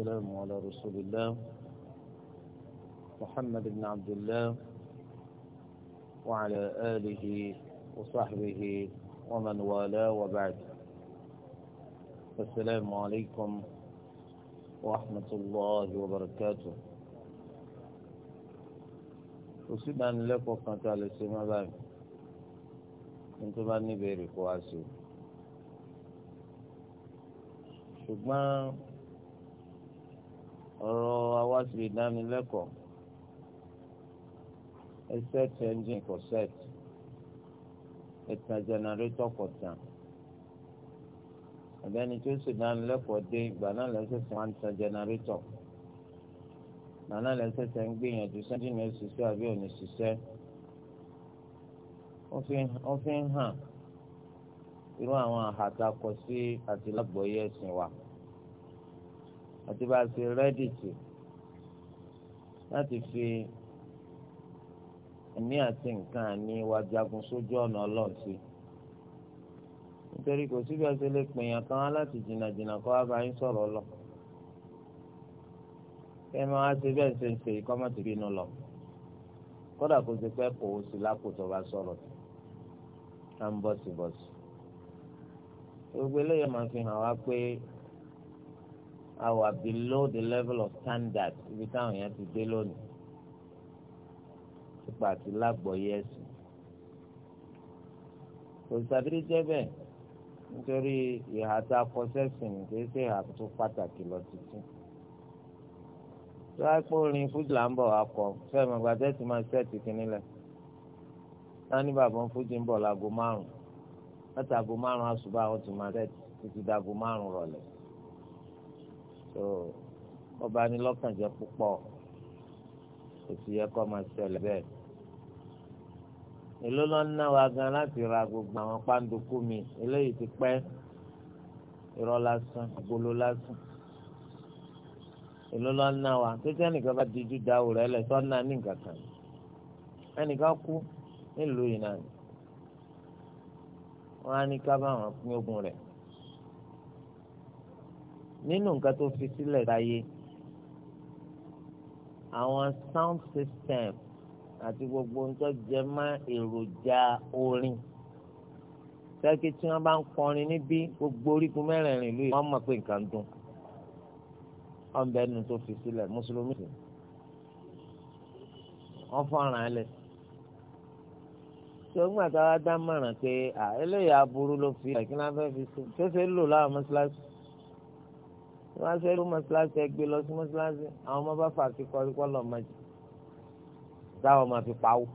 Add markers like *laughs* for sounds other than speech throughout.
والسلام على رسول الله محمد بن عبد الله وعلى آله وصحبه ومن والاه وبعد السلام عليكم ورحمة الله وبركاته وسيدنا لكم لكم على السماء بعد أنتم بأني بيري قواسي شكرا ọ̀rọ̀ awáṣe ìdánilẹ́kọ̀ọ́ set engine kò set jẹnẹrétọ̀ kò tàn tó sì dánilẹ́kọ̀ọ́ dé ìgbà náà lẹ́sẹ̀sẹ̀ máa ń jẹnẹrétọ̀ ìgbà náà lẹ́sẹ̀sẹ̀ ń gbìyànjú sẹ́ńdínì òṣìṣẹ́ àbí òní ṣiṣẹ́ ó fi ń hàn irú àwọn àhàtà kọ sí wa. àti bá a ṣe rẹ́dì tì láti fi ẹ̀mí àti nǹkan àní wa jagun sójú ọ̀nà ọlọ́run sí nítorí kò síbi ẹsẹ̀ lè pèèyàn kan láti jìnnàjìnnà kó wá bá yín sọ̀rọ̀ lọ kẹ́ máa wá ṣe bẹ́ẹ̀ ṣe ń ṣe ìkọ́mọ̀tì bínú lọ kódà kó ṣe pẹ́ kó o sì lápò tó bá sọ̀rọ̀ tó à ń bọ̀sibọ̀sì gbogbo eléyìí máa fi hàn wá pé Our below the level of standard ibi táwọn yẹn ti dé lónìí nípa àti lágbọ̀ọ́yé ẹ̀sìn kò sàdédé jẹ́ bẹ́ẹ̀ nítorí ìhà tá a kọ sẹ́sìn kìí ṣe ìhà tó pàtàkì lọ títí tó a kó orin fújì là ń bọ̀ wá kọ fẹ́ẹ̀mù gbàdẹ́ ti máa ṣẹ́ẹ̀tì kínní lẹ̀ náà ní bàbá fújì ń bọ̀ láago márùn-ún láti aago márùn-ún àṣùbà wọn ti máa ṣẹ́ẹ̀tì títí dáago márùn-ún rọ̀lẹ́ so ọba ni lọ́kàn jẹ́ púpọ̀ kò sì yẹ kó máa ṣẹlẹ̀ bẹ́ẹ̀ èló ló ń ná wa gan láti ra gbogbo àwọn pàǹdùkú mi eléyìí ti pẹ́ irọ́ lásán agolo lásán èló ló ń ná wa títí ẹnìkan bá di júdà òrẹ́ lẹ̀ tó ná ní nǹkan kan ẹnìkan kú nílùú yìí náà wọ́n á ní ká bá wọn pín ogun rẹ̀ nínú nǹkan tó fi sílẹ̀ láyé àwọn sound system àti gbogbo ń tọ́ jẹ mọ́ èròjà orin sẹ́kì tí wọ́n bá ń kọrin níbí gbogbo orígun mẹ́rẹ̀ẹ̀rin lóye wọ́n mọ̀ pé nǹkan dùn ọ̀nbẹ nu tó fi sílẹ̀ mùsùlùmí sì wọ́n fọ́ràn ẹlẹ̀ tó ń gbàgbọ́ dámọ̀ràn pé eléyìí aburú ló fi ẹ̀kí fẹ́ fi sí tó ṣe ń lò láwọn mọ́ṣáláṣí wọ́n á sẹ́rú mọ́ṣáláṣí ẹgbẹ́ lọ sí mọ́ṣáláṣí àwọn ọmọ bá fà sí kọ́ríkọ́ lọ mọ́ jù táwọn máa fi pawó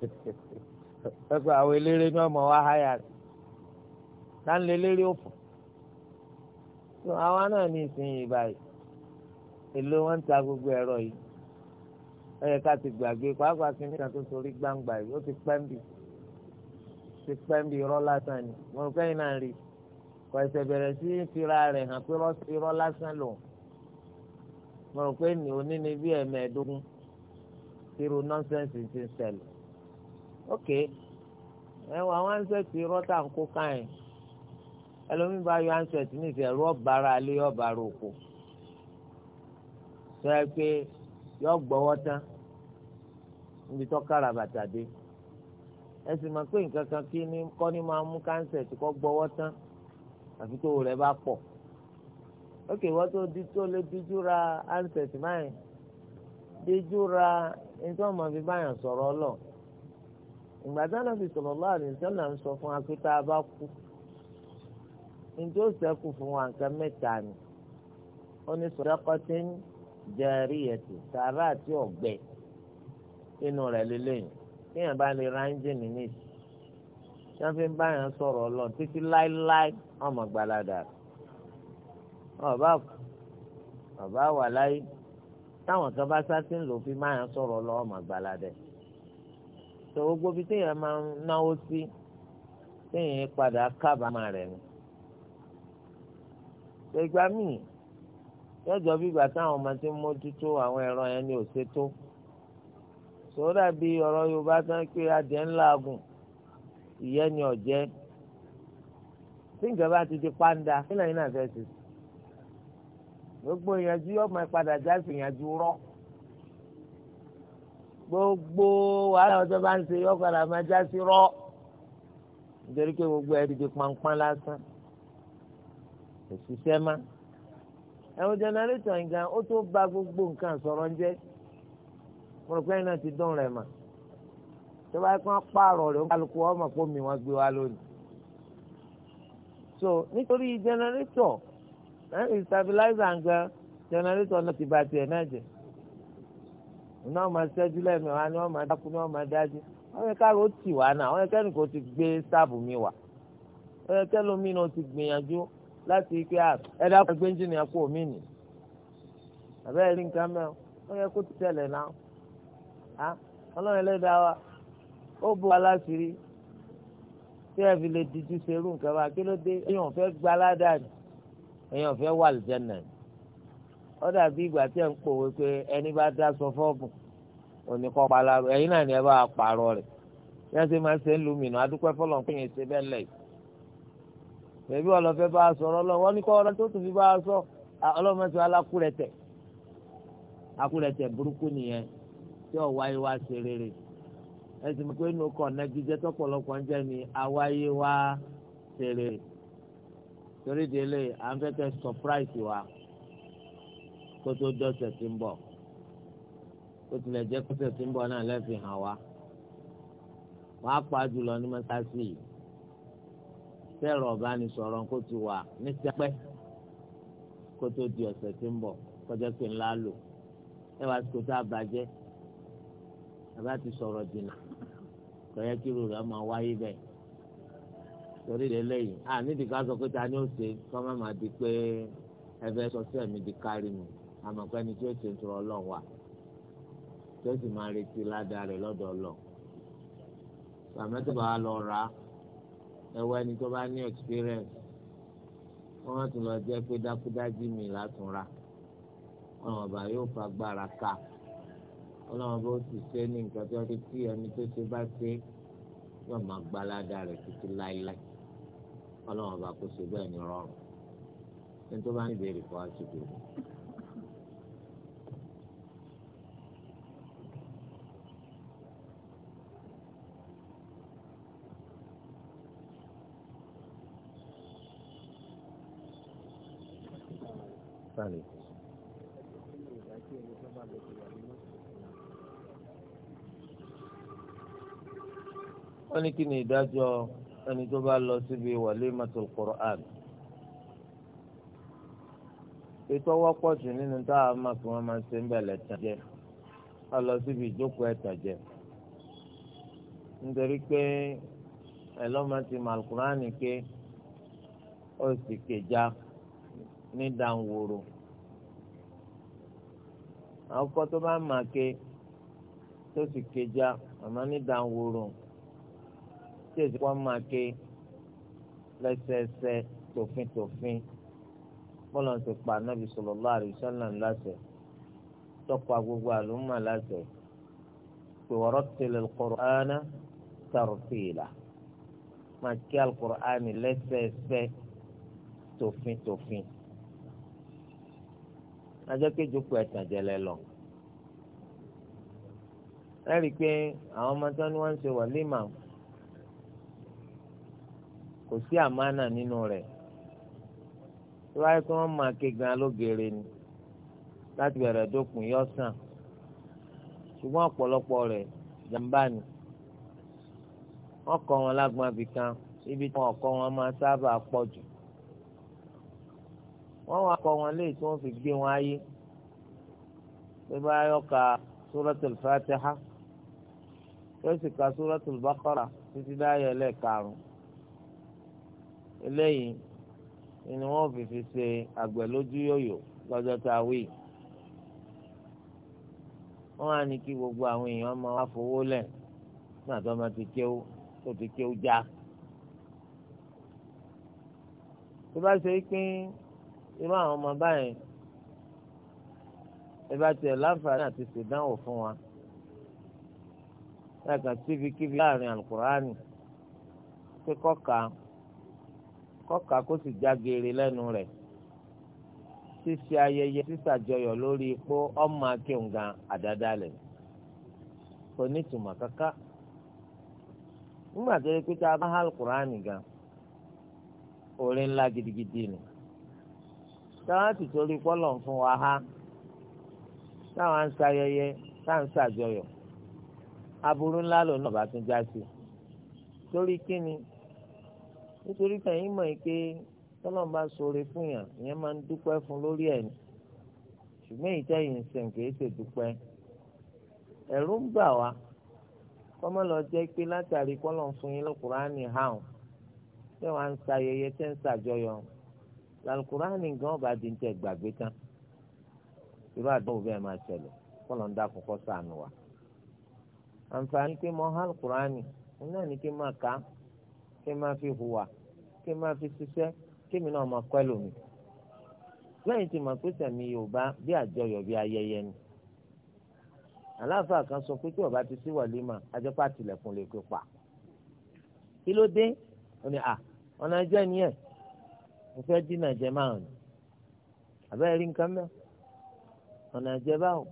*laughs* pẹ́pẹ́ àwọn eléré ní ọmọ wa háyà rẹ̀ táńlẹ̀ eléré òfò tó àwa náà ní ìsinyìí báyìí èlò wọn ń ta gbogbo ẹ̀rọ yìí ó yẹ ká ti gbàgbé pàápàá kí nígbà tó sorí gbangba yìí ó ti pẹ́ńbì ti pẹ́ńbì rọ́lá tán ni mo rò pẹ́yìn náà rí i kọ̀ọ̀sẹ̀ bẹ̀rẹ̀ sí fira rẹ̀ hàn pé irọ́ lásán lò mo rò pé ní òní ni bí ẹ̀mẹ́ẹ̀dógún irú nọ́nsẹ̀nsì ti ń ṣẹlẹ̀ ok ẹ wọ àwọn ansẹ̀tì irọ́ tá à ń kó káyìn ẹlòmíín bá yọ ansẹ̀tì ní ìfẹ́ ẹ̀rọ ọ̀bàrà alẹ́ ọ̀bàrà òkú sọ ẹ pé yọ gbọ́wọ́ tán níbi tó kára bàtà dé ẹ sì mọ̀ pé nǹkan kan kí ni kọ́ ni máa mú kánsẹ̀tì kọ́ gbọ́wọ́ tán àfi tó rẹ̀ bá pọ̀ ókè wọ́n tó di tó lé díjú ra ansẹ̀tì báyìí díjú ra nítorí wọn máa fi báyàn sọ̀rọ̀ ọlọ́ ìgbà táwọn fi sọ̀rọ̀ lọ́wọ́ àdìsẹ́ là ń sọ fún wa pé tá a bá kú nítorí sẹ́kù fún wa nǹkan mẹ́ta ni ó ní sọ̀dọ́kọ́tì ń jẹ́rí ẹ̀tì sàrà àti ọ̀gbẹ́ inú rẹ̀ lélẹ́yìn kéèyàn bá lè ra ẹ́ńjìnì nìyí tí wọ́n fi ń báyàn sọ̀rọ̀ ọlọ́ títí láéláé ọmọ gbalada rẹ ọba ọba wà láyé táwọn kan bá sátí ń lò fi máa ń sọ̀rọ̀ lọ ọmọ gbalada tó gbogbo bí téèyàn máa ń náwó sí téèyàn padà kábàámà rẹ ni ìgbà míì yọjọ bí ìgbà táwọn ọmọ ti ń mójútó àwọn ẹ̀rọ yẹn ni ò ṣe tó sòwò ọ̀rọ̀ Yorùbá tán adìẹ ńlá agùn ìyẹn ni ọ̀jẹ́ tí ìjọba ti di pàǹdà kí lẹ́yìn náà fẹ́ ṣe gbogbo ìyànjú yóò máa padà ìyànjú rọ gbogbo wàhálà ọjọ́ bá ń ṣe yóò máa já rọ nítorí pé gbogbo ẹ̀ ti pàǹpàǹ lásán kò má ẹ̀wọ̀n jẹnẹrétọ̀ nǹkan ó tó ba gbogbo nǹkan sọ̀rọ̀ ń jẹ́ mo rò pé ẹ̀yin náà ti dùn rẹ̀ mà tó bá yẹ kó wọ́n pààrọ̀ rẹ̀ ó kálukú ọmọ so nítorí jẹnẹrétọ̀ náà ní stabilizer nǹkan jẹnẹrétọ̀ náà ti ba tiẹ̀ náà jẹ iná máa ṣẹ́jú lẹ́mìí wa ni wọ́n máa dákú ni wọ́n máa dájú wọ́n yẹ káàró tì wá náà wọ́n yẹ kẹ́ni kò ti gbé sáàbù mi wá wọ́n yẹ kẹ́ni omi náà ti gbìyànjú láti ike ẹ dákú ẹgbẹ́ ńjìnì ẹ̀kú omi nì àbẹ́rẹ́ rí nǹkan mẹ́rin wọ́n yẹ kó ti tẹ̀lẹ̀ náà ọlọ́run ẹlẹ́dàá wa ó bu aláṣírí tí ẹ fi lè dijú serú nǹkan bá kí ló dé èèyàn fẹ́ gba aládàá ni èèyàn fẹ́ wà lìjẹ́nà ni ó dàbí ìgbà tí ẹ ń pòwe pé ẹni bá dá sọ fọ́ọ̀gùn òní kọ́ palaro ẹ̀yin náà ni ẹ bá pààrọ̀ rẹ̀ bí wọ́n ṣe máa ń ṣe ń lu mìíràn adúpẹ́ fọlọ́n pé yẹn ṣe bẹ́ẹ̀ lẹ̀ bẹ̀bí ọlọ́fẹ́ bá a sọ̀rọ̀ lọ wọ́n ní kọ́ ọ̀rọ̀ tó tún fi bá a sọ ọlọ́mọṣọ alákùrẹ̀tẹ̀ akùrẹ̀tẹ̀ burúkú nìyẹn tí ọ̀wáyé ẹsìn mi pé inú ọkọ̀ ọ̀nà jíjẹ tọ́pọ̀lọpọ̀ ń jẹ́ ni àwáyé wa tèrè torí délé à ń fẹ́ kẹ́ sọpráìsì wa kó tó dọ́sẹ̀ tí ń bọ̀ kó tilẹ̀ jẹ́ kó tẹ̀ tí ń bọ̀ náà lẹ́fì hàn wa wọ́n pa jùlọ ní mọ́sáàsì yìí tẹ́rọ ọba ni sọ̀rọ̀ kó ti wà ní sẹ́pẹ́ kó tó di ọ̀sẹ̀ tí ń bọ̀ kọjá pé ńlá lò ẹ wá sí kó tá a bàjẹ́ ti sọ̀rọ̀ dìnnà kọ̀yẹ́ kí irú rẹ̀ máa wáyé bẹ́ẹ̀ torí rẹ̀ lẹ́yìn à nídìí ká sọ pé ta ni ó ṣe kọ́ má máa di pé ẹbẹ sọ sí ẹ̀mí di kárí mi àmọ́ pé ẹni tí ó ṣe ń tọrọ ọlọ́run wà tí ó sì máa retí ládàá rẹ̀ lọ́dọ̀ ọlọ́run sàmẹ́tìbà lọ rà á ẹwọ́ ẹni tó bá ní experience wọ́n tún lọ jẹ́ pé dákúdájí mi látún ọ̀nà ọ̀bà yóò fagbára ká ọlọ́run bó sì ṣe ní nǹkan tó ṣe tí ẹni tó ṣe bá ṣe yóò máa gbalada rẹ̀ títí láéláé ọlọ́run bá kó ṣe bẹ́ẹ̀ ní rọrùn ẹni tó bá ní ìbéèrè kọ́ àṣìkò. Thank you. wọ́n ní kí ni ìdájọ́ ẹni tó bá lọ síbi walimatul Qur'an ètò wọ́pọ̀ jù nínú táwọn máa fi wọ́n máa ń ṣe ń bẹ̀lẹ̀ tàjẹ́ wọ́n lọ síbi ìjókòó ẹ̀tàjẹ́ nítorí pé ẹlọ́mọ ti mọ alukurani ó sì kéjà ní dànwòrò àwọn kọ́ tó bá mà ké tó sì kéjà àmọ́ ní dànwòrò tí èsì wọn máa ké lẹ́sẹẹsẹ tòfin tòfin bọ́lá ti pa anábì sallallahu alaihi wasallam láṣẹ tọ́pa gbogbo àlùmọ́ láṣẹ pé warattilil Qur'ana tartila máa ké al-Qur'ani lẹ́sẹẹsẹ tòfin tòfin ajọ́ kéjòkó ẹ̀tàn jẹlẹ lọ. ẹ rí i pé àwọn ọmọ tó ní wọ́n ń ṣe wàlímà kò sí àmánà nínú rẹ̀ tó wáyé kí wọ́n máa ké gan alógere ni láti bẹ̀rẹ̀ dópin yọ sàn ṣùgbọ́n ọ̀pọ̀lọpọ̀ rẹ̀ jàǹbá ni wọ́n kọ́ wọn lágbọ́n abìkan ibi tí wọ́n kọ́ wọn máa sábà pọ̀ jù wọ́n wá kọ́ wọn léyìí tí wọ́n fi gbé wọn ayé bí bá yọ ka suratul Fatiha tó sì ka suratul Baqara títí dáyọ̀ lẹ́ẹ̀karùn-ún eléyìí ni wọ́n fi fi ṣe àgbẹ̀ lójú yòyò lọ́jọ́ tá a wí. wọ́n á ní kí gbogbo àwọn èèyàn máa wá fowó lẹ̀ nígbà tó máa ti kéwú tó ti kéwú já. tó bá ṣe pé irú àwọn ọmọ báyìí ẹ tiẹ̀ láǹfààní àti ṣèdánwò fún wa ẹ̀ka síbi kíbi láàrin àlùkùránì kíkọ́ kàá. kọ́ka kó sì já geere lẹ́nu rẹ̀ ṣíṣe ayẹyẹ sísàjọyọ̀ lórí ipò ọmọ akéwǹgà àdádálẹ̀ kò ní ìtumọ̀ kaka nígbà tó yẹ pé tá a bá hàl kúránì gan orin ńlá gidigidi ni táwọn ti torí pọ́lọ̀ fún wa ha táwọn ń ṣayẹyẹ táwọn ń ṣàjọyọ̀ aburú ńlá lòun náà bá tún já sí torí kí nítorí kẹyìn mọ̀ ike pé tọ́lọ́n bá sọ̀rọ̀ fún yàn ìyẹn máa ń dúpẹ́ fún lórí ẹ̀ ní ṣùgbọ́n èyí tẹ̀yìn ń sìn kì í ṣe dúpẹ́ ẹ̀rù ń bà wá kọ́mọ́ lọ jẹ́ pé látàrí kọ́lọ́n fún yín lọ́kùnránì hàn tẹ́ wàá ń tẹ́ ń gan ọba di ń tẹ gbàgbé tán bẹ́ẹ̀ máa ṣẹlẹ̀ kọ́lọ́n sànù wa kí n máa fi hùwà kí n máa fi ṣiṣẹ́ kí mi náà máa kọ́ ẹlòmíì lẹ́yìn tí màá pèsè mi yorùbá bí àjọyọ̀ bí ayẹyẹ ni aláàfáà kan sọ pé tí ọba ti sí wàlímà ajẹ́pá tilẹ̀kùn lè pè pa kí ló dé ó ní à ọ̀nà ẹjẹ́ ni ẹ̀ mo fẹ́ dínà jẹ máa ní àbẹ́rẹ́ rí nǹkan mẹ́ ọ̀nà ẹjẹ́ báwo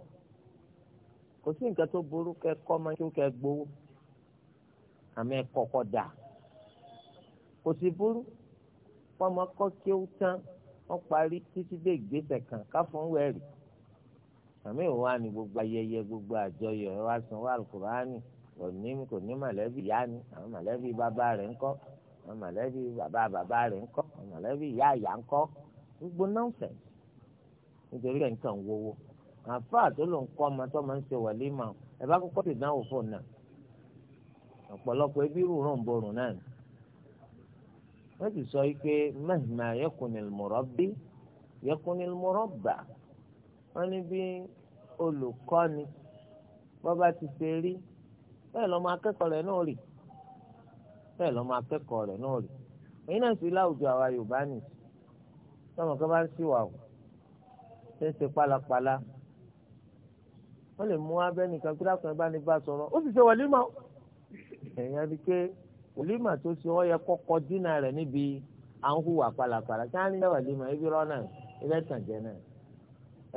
kò sí nǹkan tó burú kẹ́ kọ́ máa kí ó kẹ́ gbowó àmì ẹ̀kọ́ kọ́ dáa kò sí burú fọmọ kọ́ kí ó tán wọ́n parí títí dé ìgbésẹ̀ kan káfọ́n wẹ̀rì àmì ìwà ni gbogbo ayẹyẹ gbogbo àjọyọ̀ ẹ wá san wá alukurani kò ní kò ní mọ̀lẹ́bí ìyá ni àwọn mọ̀lẹ́bí bàbá rẹ̀ ńkọ́ àwọn mọ̀lẹ́bí bàbá bàbá rẹ̀ ńkọ́ àwọn mọ̀lẹ́bí ìyá ìyá ńkọ́ gbogbo nọ́ọ̀sẹ̀ nítorí ẹ̀ ń tàn wọ́wọ́ àǹfààní tó ló ń kọ́ ọmọ tó máa ń ṣe wàlímà ẹ bá kọ́kọ́ ti dánwò fóònù náà ọ̀pọ̀lọpọ̀ ebí rúurú ń borùn náà wọ́n ti sọ pé mahima yakunil murabbi yakunil murabba wọ́n ní bí olùkọ́ni bọ́ba ti ṣe rí bẹ́ẹ̀ lọ́mọ akẹ́kọ̀ọ́ rẹ̀ náà rì bẹ́ẹ̀ lọ́mọ akẹ́kọ̀ọ́ rẹ̀ náà rì èyí náà sì láwùjọ àwa yorùbá nì sọmọ kan bá ń ṣìwà o ṣe ń ṣe pálapàla wọ́n lè mú abẹ́nìkan kí lákùnrin bá ní bá sọ̀rọ̀ ó sì ṣe wọlé mọ́ ẹ̀yìn adìgbé wòlímà tó ṣe ọ yẹ kọ́kọ́ dínà rẹ̀ níbi à ń hùwà pàlàpàlà kí á ní ẹwà lè mọ ibi rọ́nà ibẹ̀ tàn jẹ náà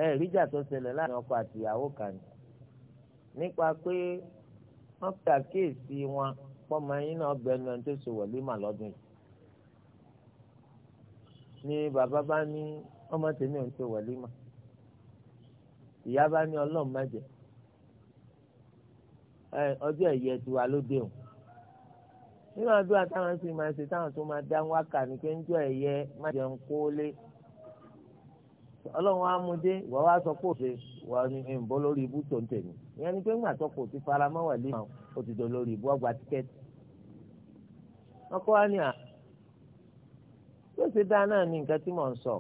ẹ ríjà tó ṣẹlẹ̀ láàrin ọkọ àti ìyàwó kan nípa pé wọ́n pe àkíyèsí wọn pọ́nmọ yín náà bẹnu ẹni tó ṣe wòlímà lọ́dún yìí ni bàbá bá ní ọmọ tèmi ò ń ṣe wòlímà ìyá bá ní ọlọ́run ọjọ́ ẹ̀yẹ tiwa ló dé òun nínú àdúrà táwọn sì máa ṣe táwọn tó máa dá wákà ní pé ń jọ ẹ̀yẹ má jẹun kólé ọlọ́run á ìwà wa sọ pé wà ní ìbọn lórí ibú tó ń ni pé ti fara mọ́ wà lẹ́yìn lórí ọgbà Tíkẹ́tì. ni à ṣe náà ní nǹkan tí mò ń sọ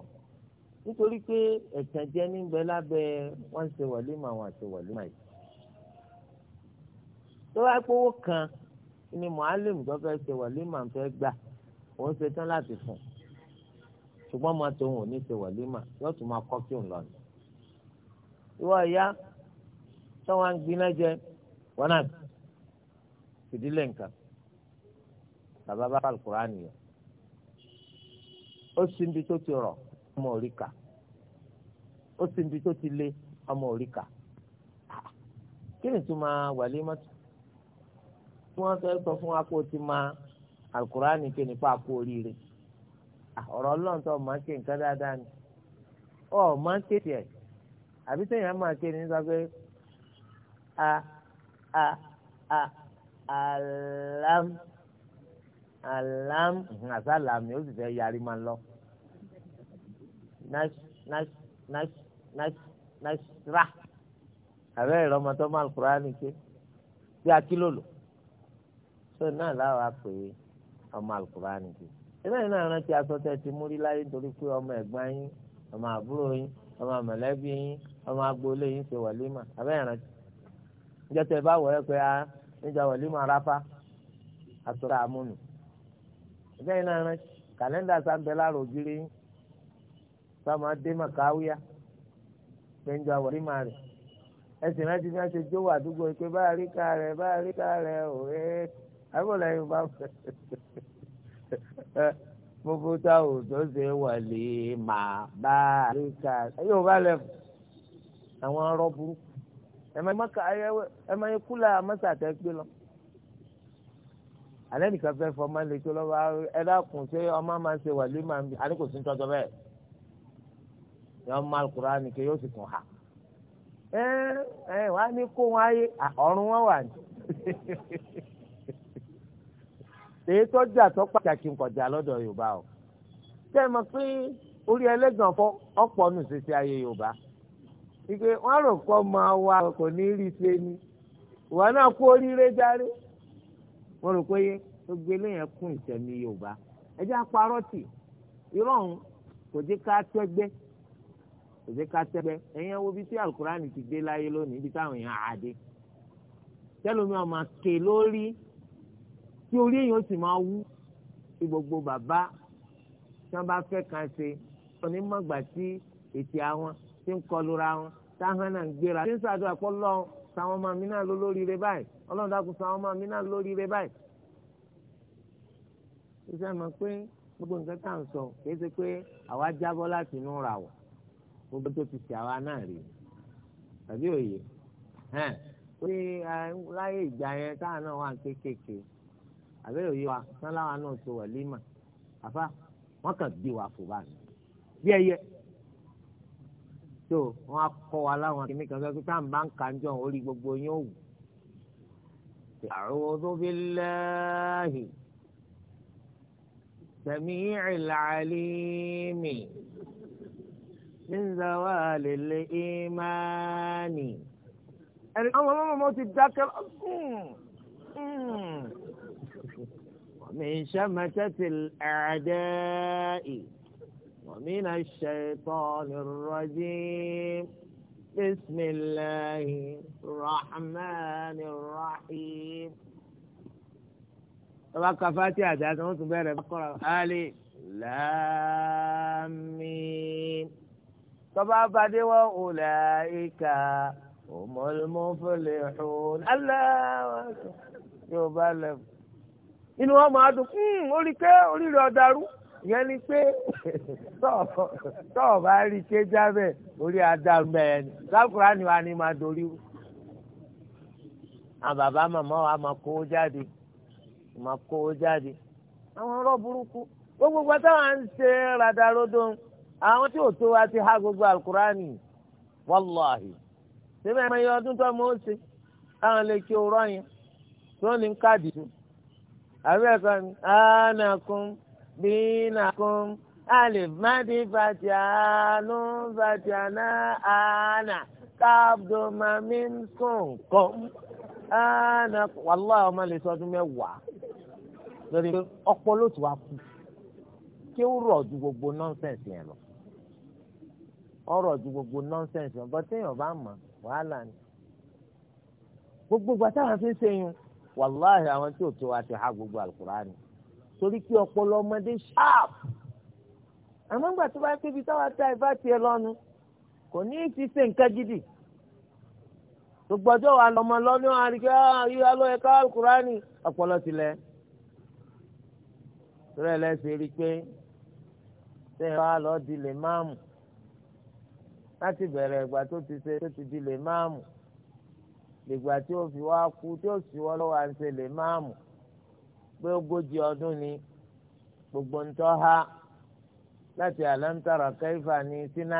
ni mu'allim tó fẹ́ ṣe wàlímà fẹ́ gbà òun ṣe tán láti fún ṣùgbọ́n máa tó òun ò ní ṣe wàlímà yóò tún máa kọ́ kí òun lọ ni. ìwọ ìyá tó wá ń gbiná jẹ wọn náà fìdílé nǹkan bàbá bá alukur'an yẹ ó sì ń bi tó ti rọ ọmọ òrìkà ó sì ń bi tó ti lé ọmọ òrìkà kí ni tó máa wàlímà tó tí wọ́n fẹ́ sọ fún wa kó o ti máa alukurani ké nípa àpò oríire ọ̀rọ̀ ọlọ́run tó máa ń ké nǹkan dáadáa ni ọ máa ń ké tiẹ̀ àbí sẹ́yìn máa ké ní sọ a a a alam alam àsálàm ni ó sì fẹ́ yarí máa lọ nash nash nash nash nash ra àbẹ́ ìrọmọtọ́ máa alukurani ké bí a kí ló lò tó náà láwa pé ọmọ alukurani ti ilé yìí náà rántí aṣọ tẹ ti múrí láyé nítorí pé ọmọ ẹ̀gbọ́n yín ọmọ àbúrò yín ọmọ mọ̀lẹ́bí yín ọmọ agboolé yín ṣe wàlímà abẹ́yẹn rántí níjọ́ tẹ bá wọ̀ọ́ pé a níjọ́ wàlímà ráfá àtúrà àmúnù ilé yìí náà rántí kàlẹ́ndà sáńbẹ́ láàrò ògiri yín sọmọ dé màkàwíyá pé níjọ́ wàlímà rẹ̀ ẹ̀sìn rántí bí wọ́n ṣe jó agbọ́dọ̀ yóò bá fẹ́ *laughs* gbogbo táwọn òtọ́ ṣe wọlé bá a lè ka yóò bá àwọn ọ̀rọ̀ burúkú máa mọ́sàtẹ́ gbé lọ alẹ́ nìkan fẹ́ máa lè tó lọ́wọ́ ẹ dákun ṣé ọmọ máa ṣe wà kò sí ń tọ́jọ́ bẹ́ẹ̀ yọ ọmọ alukura ni kí yóò sì ha ẹ ẹ wàá ní kó wọn ayé wọn wà ní. *laughs* èyí tọ́jà tó pàtàkì nkọ̀jà lọ́dọ̀ yorùbá o tẹ́ ẹ mọ̀ pé orí ẹlẹ́gàn fọ́ ọ̀pọ̀ nù ṣẹṣẹ ayé yorùbá ìgbé wọn rò pọ̀ máa wá kò ní rí ṣe ni ìwà náà kú oríire járe wọn rò pé gbogbo eléyẹn kún ìṣẹ̀mí yorùbá ẹjẹ́ apárọ́tì ìrọ̀rùn kò jẹ́ ká tẹ́gbẹ́ kò jẹ́ ká tẹ́gbẹ́ ẹ̀yin wo bí tí alukurani ti dé láyé lónìí ibi táwọn èèyàn àdé tẹ́lómi ọmọ ké lórí tí orí èèyàn sì máa wú tí gbogbo bàbá tí wọ́n bá fẹ́ kan ṣe onímọ̀gbà tí ètì àwọn tí ń kọlura wọn táwọn náà ń gbéra tí ń ṣàdúrà pọ̀ lọ́wọ́ sáwọn ọmọ mi náà ló lóríire báyìí ọlọ́run dákun sáwọn ọmọ mi náà lóríire báyìí. ṣíṣe mọ̀ pé gbogbo nǹkan tá à ń sọ kìí ṣe pé àwa jábọ́ láti inú ra wọ̀ gbogbo tó ti ṣe àwa náà rí tàbí òye ó ní láyé ìgbà yẹn táwọn náà wà kéékèèké àbẹ́rẹ́ òye wa sàn láwọn náà ṣe wà lima àfa wọn kàn gbé wa fò báyìí bí ẹyẹ tó wọn kọ wa láwọn kìnnì kan sọ tá à ń bá ń kà ń jọ orí gbogbo yín òwú. أعوذ بالله السميع العليم من زوال الإيمان. ẹ̀rí ọmọ ọmọ ọmọ hmm, hmm. من شمتة الأعداء ومن الشيطان الرجيم بسم الله الرحمن الرحيم طبعا كفاتي هذا نوت بير بقرة آلي لامين طبعا بعد وأولئك هم المفلحون الله يبلغ inú wọn máa dùn hmm, ó rí pé oríire ọ̀dàrú ìyẹn ni pé *laughs* tọ́ọ̀ bá rí i ké jábẹ̀ orí adarú bẹ́ẹ̀ ni lákùrá ni wàá ní máa dorí wù. àwọn bàbá màmá wa máa kówó jáde máa kówó jáde àwọn ọ̀rọ̀ burúkú gbogbo pátá wa ń ṣe radarodo àwọn tí ò tó wa ti há gbogbo alukurani wàláhì síbẹ̀ ẹ̀mọ iye ọdún tó mọ̀ ó ṣe àwọn lè kí orọ́ yẹn tó ní káàdì tó àbẹ́ẹ̀kọ́ ni ànàkùn bínàkùn alèmádì bàtìá nù bàtìá náà ànà káàbdò màmí kọ̀ǹkọ̀ ànàkùn wàláhì ọmọ lè sọdún mẹ́wàá lórí ọpọlọ tó wá kú kí ó rọ̀ ju gbogbo nọ́ńsẹ̀nsì yẹn lọ ọ̀rọ̀ ju gbogbo nọ́ńsẹ̀nsì yẹn bọ́ téèyàn mọ̀ wàhálà ni gbogbo gbàtà wọn fi ń ṣe wàláhì àwọn tí ò tó wa ti ha gbogbo alukurani torí kí ọpọlọ ọmọdé ṣáàp àmọ́ ńgbà tó bá kébi táwa ta ẹ̀ bá tiẹ̀ lọ́nu kò ní í ti ṣe nǹkan gidi gbogbo ọjọ́ wa lọ́mọ lọ́nu àríkẹ́ yíyá ló ẹ̀ka alukurani ọpọlọ tilẹ̀ torí ẹ̀ lẹ́sẹ̀ rí i pé sẹ́yìn ah, wa lọ́ọ́ di lè máàmù láti bẹ̀rẹ̀ ìgbà tó ti ṣe tó ti di lè máàmù dìgbà tí ó fi wá kú tí ó sì wọ́n lọ́wọ́ à ń ṣe máàmù pé ogójì ọdún ni gbogbo ń tọ́ ha láti àlámtàrà kẹfà ní sínà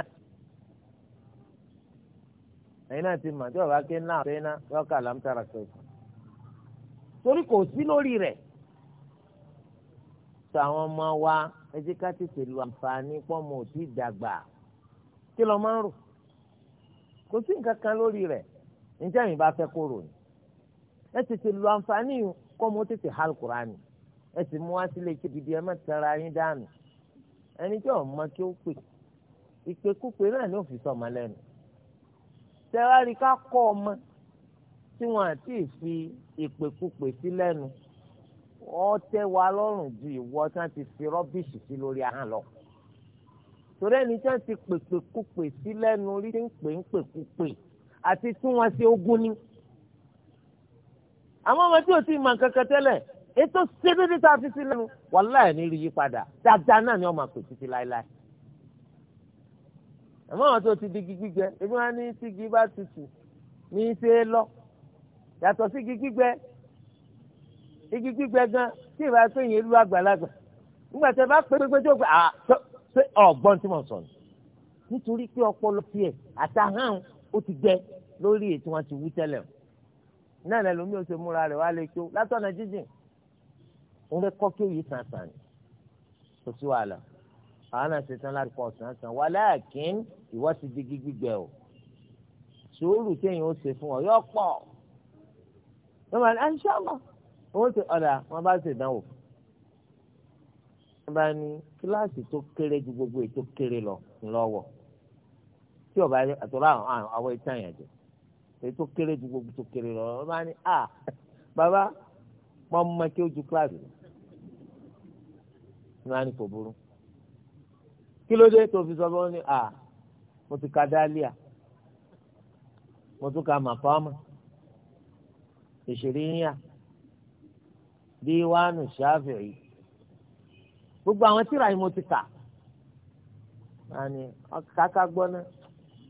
ẹ̀yin náà ti mọ̀ tí ọba ké náà fẹ́ ná lọ́kà àlámtàrà kẹfà torí kò sí lórí rẹ̀ sọ àwọn ọmọ wa ẹ ká tètè lu àǹfààní pọ́nmọ́ ò tí kí lọ́ọ́ máa ń rò kò sí nǹkan kan lórí rẹ̀ njẹ́ mi bá fẹ́ kó ròyìn ẹ tètè lo àǹfààní kọ́ mo tètè ha alukurani ẹ sì mú wá sílé kébìdì ẹ má tẹ̀ra yín dànù ẹni tí ọ̀ mọ kí ó pè ìpèkúpè náà ni ó fi sọ̀mọ́ lẹ́nu tẹ̀wárí ká kọ́ ọmọ tí wọn àti fi ìpèkúpè sí lẹ́nu wọ́n tẹ́ wa lọ́rùn ju ìwọ tí wọ́n ti fi rọ́bìṣì sí lórí ahọ́n lọ torí ẹni tí wọ́n ti pèpèkúpè sí lẹ́nu rí ti ń pè ń pèkúpè àti tún wọn ṣe ogun ni àwọn ọmọ tí o ti mọ̀ kankan tẹ́lẹ̀ ètò ṣẹ́dédé tá a fi sí lẹ́nu wàláì ní rí yí padà dáadáa náà ni wọ́n máa pè títí láéláé àmọ́ àwọn tó ti di gbígbẹ ebi wọn ní tígi bá tutù ní í ṣe é lọ yàtọ̀ sí igi gbígbẹ igi gbígbẹ gan tí ìbá pé yẹn lu àgbàlagbà nígbà tí ẹ bá pé pé tó pé ọgbọ́n tí mo sọ ni nítorí pé ọpọlọ tiẹ̀ àtàhàn ó ti gbẹ lórí èyí tí wọ́n ti wí tẹ́lẹ̀ o náà lẹ́nu mi ò ṣe múra rẹ̀ wá lè tó látọ̀nà jíjìn òun fẹ́ kọ́ kí òye sàn sàn ni kò sí wàhálà àwọn náà ṣe tán láti kọ́ sàn sàn wàláàkín ìwọ ti di gbígbẹ o sùúrù téèyàn ó ṣe fún ọ yọ pọ̀ lọ́mọ ní aṣọ́mọ owó ti ọ̀dà wọn bá ṣe dánwò wọn bá ní kíláàsì tó kéré ju gbogbo ètò kéré lọ ńlọ́wọ́ tí ọba àtọ́lá àwọn ìtàn yẹn jẹ èyí tó kéré ju gbogbo tó kéré lọ ọba ni a bàbá mọ mọ kí ó ju kíláàsì lọ ní wàá ní kò burú kí ló dé tó fi sọ fún ọ ní a mo ti ka dálíà mo tún ka màkọ́mọ́ ìṣèlérí yà bíi wánu ṣáfìrì gbogbo àwọn tíra yìí mo ti kà á ní kàkà gbọ́ náà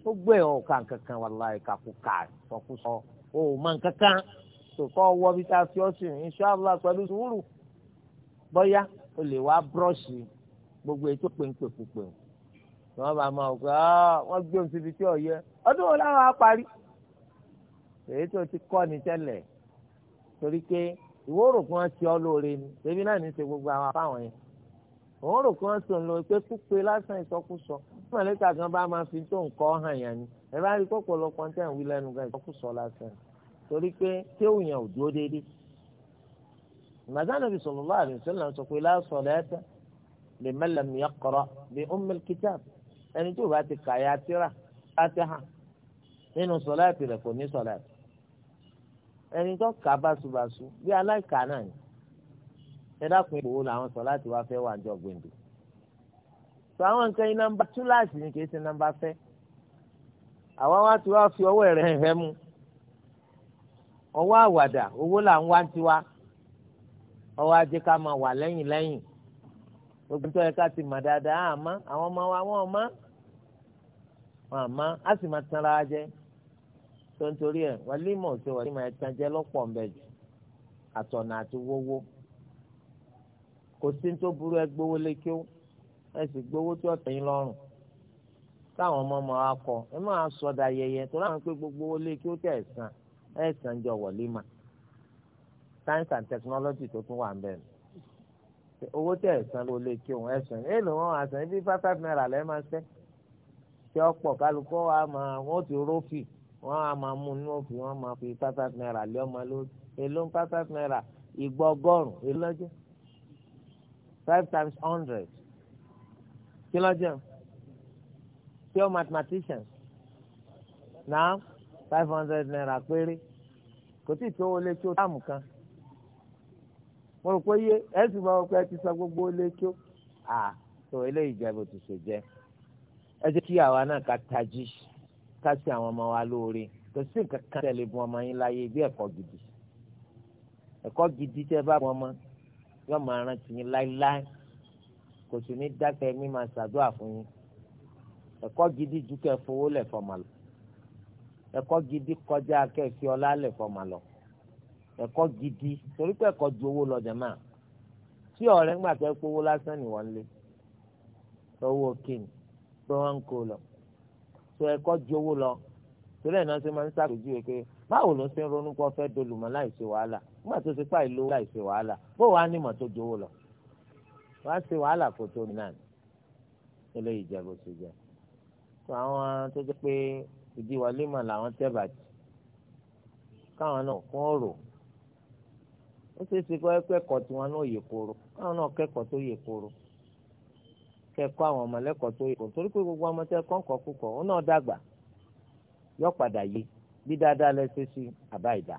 gbogbo ẹ̀ ọ̀ kàn kankan wàláhì kàkúkà sọkúsọ o ò mọ nǹkan kan tòkọ́ wọ bí tá a fi ọ́ sí inṣàlá pẹ̀lú sùúrù bọ́yá o lè wá búrọ́ọ̀ṣì gbogbo ètò pèǹpèǹpèǹ ni wọ́n bá máa gbé ah, wọ́n gbé ohun síbi tí ò ọdún wo láwọn á parí èyí tó ti kọ́ ni tẹ́lẹ̀ torí pé ìwọ rò kí wọ́n ti ọ́ lóore ni ṣebí náà ní í ṣe gbogbo àwọn afáwọn yẹn òun rò kí wọ́n sọ lóore pé pípé lásán ìsọkúsọ mọ̀lẹ́kà kan bá máa fi tó nǹkan hàn yàn ni ẹ bá rí pọ̀pọ̀lọpọ̀ tẹ̀ ń wí lẹ́nu gan ìsọkúsọ lásán torí pé téèyàn ò dúró déédéé Ànábì sallallahu alaihi wasallam sọ pé la salata liman lam yaqra bi ummil kitab ẹni tó bá ti kàyà tíra Fátíhà nínú sọláàtì rẹ̀ kò ní sọláàtì ẹni tó kà báṣubàṣu bí aláìka náà ni ẹ dákun ìgbòho làwọn sọláàtì wa fẹ́ wà jọ gbèǹdè sọ àwọn nǹkan yìí nọ́mbà túláàsì ni kì í ṣe nọ́mbà fẹ́ àwa wá ti wá fi ọwọ́ rẹ̀ hẹ́ mu ọwọ́ àwàdà owó là ń wá tiwa ọwọ́ ajé ká máa wà lẹ́yìn lẹ́yìn gbogbo tó yẹ ká ti mà dáadáa àmọ́ àwọn ọmọ wa wọ́n mọ́ wọn àmọ́ á sì máa tanra wa jẹ tó ń torí ẹ̀ wọ́n lé mọ̀ sí wọ́n lé mọ̀ ẹ̀ jẹ́ lọ́pọ̀ ńbẹ jù àtọ̀nà àti wọ́wọ́ kò sí ní tó burú ẹ gbówó lékiw ẹ sì gbowó tí ọ̀tẹ̀ yín lọ́rùn táwọn ọmọ ọmọ wa kọ ẹ máa sọdà yẹyẹ tó láwọn pé gbogbo owó lé kí ó tẹ̀ ẹ̀sán ẹ̀sán jọ wọ̀lé mà science and technology tó tún wà ń bẹ̀rẹ̀ owó tẹ̀ ẹ̀sán ló lé kí òun ẹ̀sán ẹ lò wọ́n àṣà ibi five naira lẹ́ẹ̀ máa ṣẹ́ tí ọ̀pọ̀ kálukọ́ wa máa wọ́n ti rófì wọ́n á máa mú inú òfin wọ́n máa fi five naira lé ọmọ lórí èló ń five naira ìgbọ́ ọgọ́rùn-ún èló lọ́jọ́ five times hundred kí pure mathematician náà five hundred naira péré kò tí ì tó wọlé kí o táàmù kan mo rò pé yé ẹ sì máa pẹ́ ti sọ gbogbo wọlé kí o à tó eléyìí jẹ́ bó ti ṣe jẹ́ ẹ jẹ́ kí àwa náà ká tají ká sí àwọn ọmọ wa lóore kò sí nǹkan kan tẹ̀lé bu ọmọ yín láyé bí ẹ̀kọ́ gidi ẹ̀kọ́ gidi tẹ́ bá bu ọmọ yóò máa rántí yín láéláé kò sì ní dákẹ́ mi máa ṣàdúrà fún yín ẹ̀kọ́ gidi ju kẹ́ fowó lẹ̀ fọmà lọ ẹ̀kọ́ gidi kọjá kẹ́ fi ọlá lẹ̀ fọmà lọ ẹ̀kọ́ gidi torí pé ẹ̀kọ́ ju owó lọ jẹ̀mọ́ tí ọ̀rẹ́ ńgbà tó ẹ pé owó lásán ni wọ́n lé owó kíni tó wọ́n ń kó lọ tó ẹ̀kọ́ ju owó lọ torí ẹ̀ náà ṣe máa ń ṣàpèjúwe pé báwo ló ṣe ń ronú pé ọ fẹ́ dolùmọ̀ láì ṣe wàhálà nígbà tó ṣe pàì lówó láì ṣe wàhálà bó wàá nímọ̀ tó ju owó lọ. wàá ṣe wàhálà fòtó mi náà eléyìí jẹ bó ṣe jẹ tó àwọn tó jẹ pé ìdíwọlé mọ làwọn tẹ bàjẹ́ káwọn náà kún ọ̀rọ̀ ó ṣe tí wọn náà yè koro káwọn náà kẹ́kọ̀ọ́ tó yè àwọn tó yè torí pé gbogbo ọmọ tẹ kọńkọ púpọ̀ ó náà dàgbà yọ padà yé àbá ìdá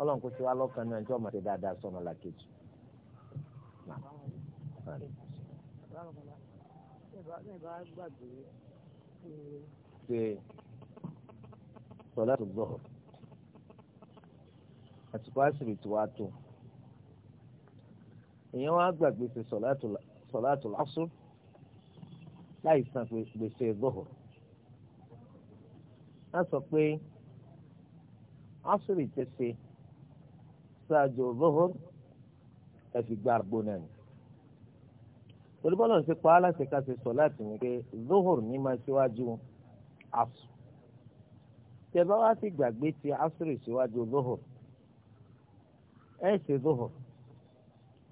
Ọlọ́run ṣe wá lọ́kàn náà ẹjọ́ dáadáa ṣe sọlá tó gbọ́ àtìkú àṣírí tí wàá tó èèyàn wá gbàgbé ṣe sọlá tó lásùn láì san gbèsè gbọ́ a sọ pé àṣírí tẹ̀sẹ̀ ṣáájú gbọ́ ẹ fi gbàgbó náà ni torí bọ́lá ń ṣe pa aláṣẹ ká ṣe sọ láti ní pé zohor ní máa ṣíwájú asu tẹ bá wá sí gbàgbé ti asùrì ṣíwájú zohor ẹ ṣe zohor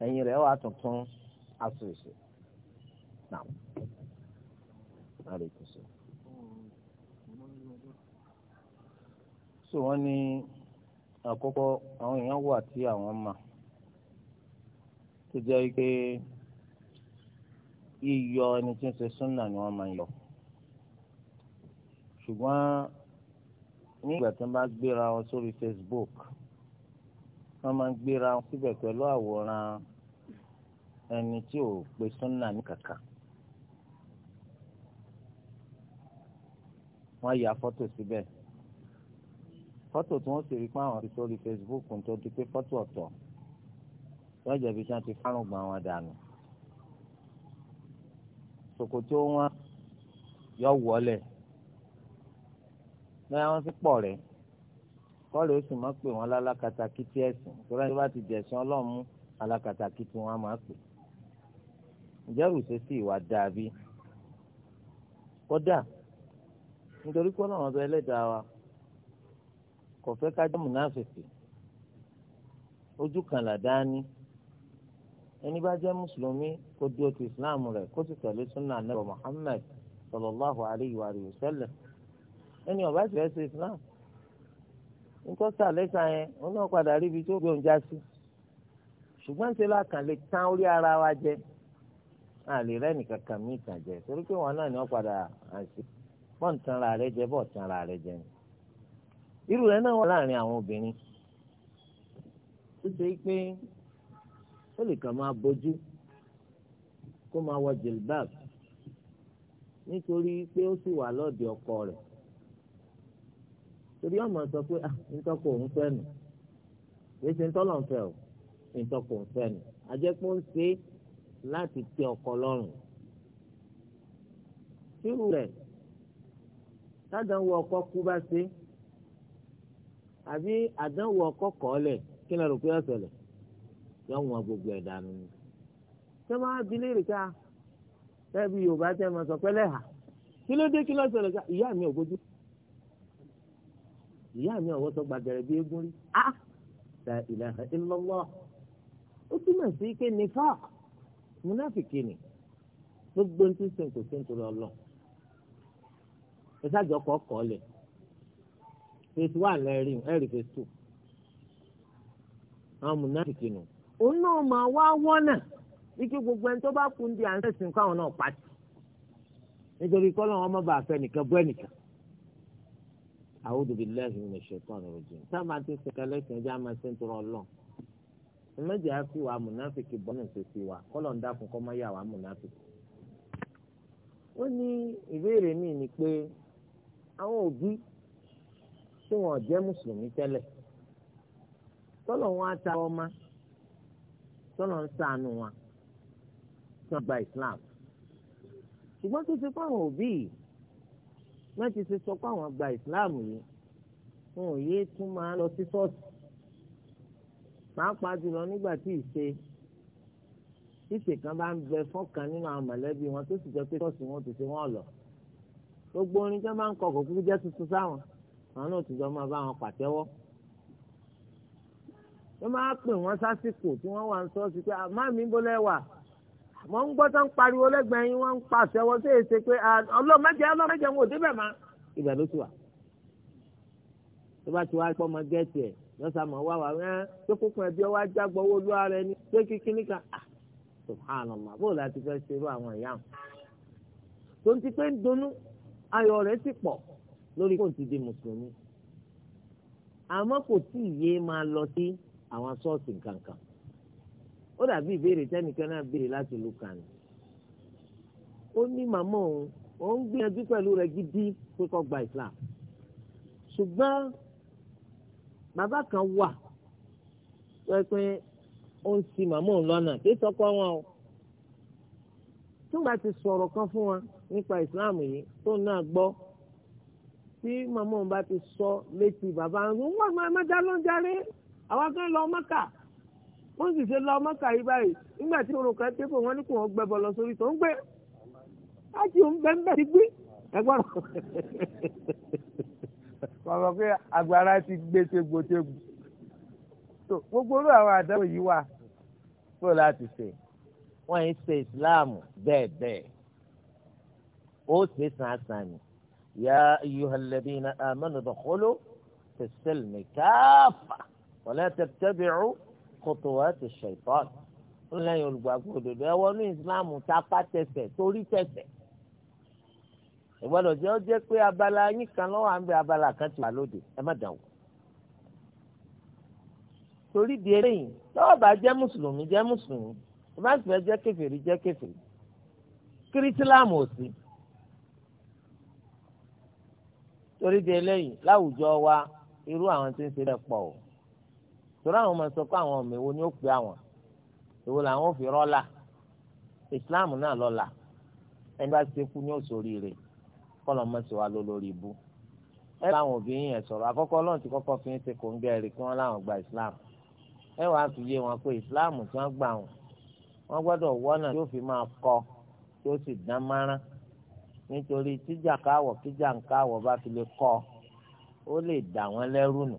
ẹ̀yìn rẹ̀ wà tuntun asùrì ṣe náà má lè tún ṣe. so wọ́n ní àkọ́kọ́ àwọn èèyàn wà tí àwọn mà tó jẹ́ pé yíyọ ẹni tí ń ṣe súnà ni wọ́n máa ń yọ ṣùgbọ́n ní ìgbà tí wọ́n bá gbéra wọn sórí Facebook wọ́n máa ń gbéra wọn síbẹ̀ pẹ̀lú àwòrán ẹni tí ò pe súnà ní kàkà wọ́n ya fọ́tò síbẹ̀ fọ́tò tí wọ́n sì rí pé àwọn ti sórí Facebook tó di pé fọ́tò ọ̀tọ̀ lọ́jọ́ ibi tí wọ́n ti fárùn gbọ̀n wọn dànù ṣòkòtò wọn yọ wọlé lọ́yà wọn sì pọ̀ rẹ̀ kọ́lé ó sì máa pè wọ́n lálákàtà kìtì ẹ̀sìn torí ẹni bá ti jẹ̀sìn ọlọ́mú alákàtà kìtì wọn máa pè ìjẹ́rù ṣe sí ìwà dàbí kódà nítorí pé ọlọ́run ọba ẹlẹ́dàá wa kò fẹ́ ká jẹ́ mùnáfìkì ojú kan làdá ní ẹni bá jẹ́ mùsùlùmí kó dúró ti islam rẹ̀ kó sì tẹ̀lé sunna anabi muhammed sallallahu alayhi wa sallam ẹni ọ̀bá ti fẹ́ ṣe islam nítorí sàlẹ́sà yẹn wọn náà padà rí ibi tó gbé oúnjẹ sí ṣùgbọ́n ṣe lákàn lè tán orí ara wa jẹ àlè rẹ nìkan kan mí ìtàn jẹ torí pé wọn náà ni wọn padà àṣì bọ́ọ̀ tanra rẹ jẹ bọ́ọ̀ tanra rẹ jẹ ni irú rẹ náà wà láàrin àwọn obìnrin tó ṣe pé ó lè kàn máa bójú kó máa wọ jilbab nítorí pé ó sì wà lọ́ọ̀dì ọkọ rẹ̀ torí ọmọ sọ pé ah ntọ́kọ òun fẹ́ nù kìí ṣe ntọ́lọ̀ ń fẹ́ o ntọ́kọ òun fẹ́ nù ajẹ́pọ̀ ń ṣe láti tẹ ọkọ lọ́rùn sírù rẹ̀ sádánwó ọkọ kú bá ṣe àbí àdánwó ọkọ kọ́ ọ lẹ̀ kí ni a rò pé ọ̀sẹ̀ lẹ̀ yóò wọn gbogbo ẹ̀ dànù ni. ṣé máa bi léèrè ká tẹ́bi yorùbá tẹ́ máa sọ pẹ́lẹ́ hà kí ló dé kí ló ṣẹlẹ̀ ká ìyá mi ò gbójú ìyá mi ọ̀wọ́ sọ gbàgẹ̀rẹ̀ bí eégún rí a ta ilaha illallah ó túmọ̀ sí ike nifaq munafiki ni gbogbo ní sísè kò sí nítorí ọlọ́ọ̀ ìsájọ kọ́ kọ́ lẹ̀ phase one lẹ́rìí ẹ̀rí phase two àwọn munafiki nù òun náà máa wá wọ́nà ike gbogbo ẹni tó bá kú ń di à ń sẹ̀sìn káwọn náà pàtì nítorí kọ́ lọ́wọ́ ọmọ bá fẹ́ nìkan bọ́ ẹnìkan. A'udhu billahi minash shaitani rajim tá a máa ti sẹ̀kẹ́ lẹ́sìn ẹjẹ́ a máa ṣe ń tọrọ ọlọ́n ẹmẹ́jẹ̀ á fi wà múnáfìkì bọ́nà ṣèṣì wà kọ́lọ̀ ń dákun kọ́ mọ́ yà wà múnáfìkì. ó ní ìbéèrè míì ni pé àwọn òbí tí wọn jẹ́ mùsùlùmí tẹ́lẹ̀ tọ́lọ̀ wọn á ta ọmọ tọ́lọ̀ ń sànù wọn tí wọ́n gba Islam ṣùgbọ́n tó ti fún àwọn òbí yìí wọ́n ti ti sọ pé àwọn gba Islam yìí wọn ò yéé tún máa lọ sí ṣọ́ọ̀ṣì pàápàá jùlọ nígbà tí ìṣe ìṣe kan bá ń bẹ fọ́kàn nínú àwọn mọ̀lẹ́bí wọn tó sì jẹ́ pé ṣọ́ọ̀ṣì wọn ti ṣe wọ́n lọ gbogbo orin tí wọ́n bá ń kọ kò kúkú jẹ́ tuntun sáwọn àwọn náà ti jọ máa bá wọn pàtẹ́wọ́ wọ́n máa pè wọ́n sásìkò tí wọ́n wà ń sọ sí pé àmọ́ mi bó lẹ́wà mọ̀ ń gbọ́ tán pariwo lẹ́gbẹ̀ẹ́ yín wọ́n ń pàṣẹ wọ́n sì ṣe pé ọlọ́mọdé ọlọ́mọdé wọn ò débẹ̀ mọ́ ibà ló ti wà. tó bá ti wá pọ́ ọmọ gẹ́ẹ̀tì ẹ̀ lọ́sàá mọ̀ wá wà ẹ́ tó kúkú ẹbí ọwọ́ ajá gbọ́wọ́ olú ara ẹni pé kíkí níka subhanallah bó láti fẹ́ ṣerú àwọn ìyá wọn. tó ń ti pé ń dunnú ayọ̀ rẹ̀ sì pọ̀ lórí kò ti di mùsùlùmí àmọ́ kò tí yé máa lọ sí àwọn ṣọ́ọ̀ṣì kankan ó dàbí ìbéèrè tẹ́nìkan náà béèrè láti lu kàní ó ní màmá òun òun gbìyànjú pẹ̀lú rẹ̀ gidi pé kó gba Islam ṣùgbọ́n bàbá kan wà tó ẹ pé ó ń ti màmá òun lọ́nà kí sọ́kọ́ wọn o túgbà ti sọ̀rọ̀ kan fún wa nípa Islam yìí tó náà gbọ́ tí màmá òun bá ti sọ létí bàbá òun wọ́n máa má dá lọ́jà rẹ̀ àwọn tó ń lọ mọ́kà wọ́n sì ṣe lọ mọ́kà yìí báyìí nígbà tí orun kan dé fún wọn ní kò wọ́n gbẹ bọ̀ lọ sórí tó ń gbé láti òun bẹ́ẹ̀ bẹ́ẹ̀ ti gbé ẹgbọ́n kọ̀ọ̀kan pé agbára ti gbé tegbòtegbò tó gbogbo orú àwọn àdáwò yìí wà tó láti ṣe wọ́n yìí ṣe ìsìláàmù bẹ́ẹ̀ bẹ́ẹ̀ ó ṣe sàǹsàn ni yá ayyuhal ladina amanu dukhulu fi silmi kaffa wala tattabi'u khutuwati shaytan ńlẹ́yìn olùgbàgbọ́ òdòdó ẹ wọnú ìsìláàmù tápá tẹsẹ̀ torí tẹsẹ̀ ìgbọ́dọ̀ jẹ́ ó jẹ́ pé abala yín kan lọ́wọ́ à ń bẹ abala kan ti wà lóde ẹ má dàn wò. torí di eléyìí lọ́wọ́ bá jẹ́ mùsùlùmí jẹ́ mùsùlùmí ìbá jẹ́ kèfèrí jẹ́ kèfèrí kírísíláàmù ò sí. torí di eléyìí láwùjọ wa irú àwọn tí ń ṣe rẹ̀ pọ̀ o torí àwọn máa sọ pé àwọn ọmọ èwo ni ó pè àwọn èwo làwọn ò fi rọ́là islam náà lọ́la ẹni bá ṣe kú ní òṣòrí rẹ̀ kọ́lọ̀ mọ́ sí wa ló lórí ibú. ẹ láwọn òbí yẹn sọ̀rọ̀ àkọ́kọ́ ọlọ́run ti kọ́kọ́ fi ń ṣe kò ń gẹ̀rì kí wọ́n láwọn gba islam ẹ wàá fi yé wọn pé islam tí wọ́n gbà wọn wọ́n gbọ́dọ̀ wọ́nà tí ó fi máa kọ́ tí ó sì dán márán nítorí tíjà káwọ̀ kíjà ń káwọ̀ bá fi lè kọ́ ó lè dà wọ́n lẹ́rù nù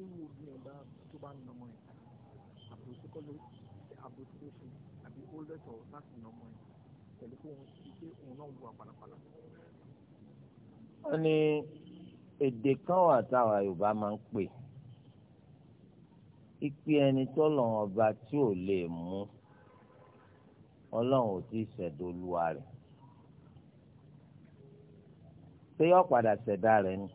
tí mo gbìn bá tó bá nà ọmọ yẹn àbòsí kọ́ ló àbòsí ló fún àbí ó lẹ́tọ̀ọ́ láti nà ọmọ yẹn pẹ̀lú pé òun ti òun náà wù àpàlàpàlà. wọ́n ní èdè kan wà táwa Yorùbá máa ń pè ìpè ẹni tó ọba tí ò lè mú ọlọ́run ò tí ì ṣẹ̀dá rẹ̀ pé yọ padà ṣẹ̀dá rẹ̀ ni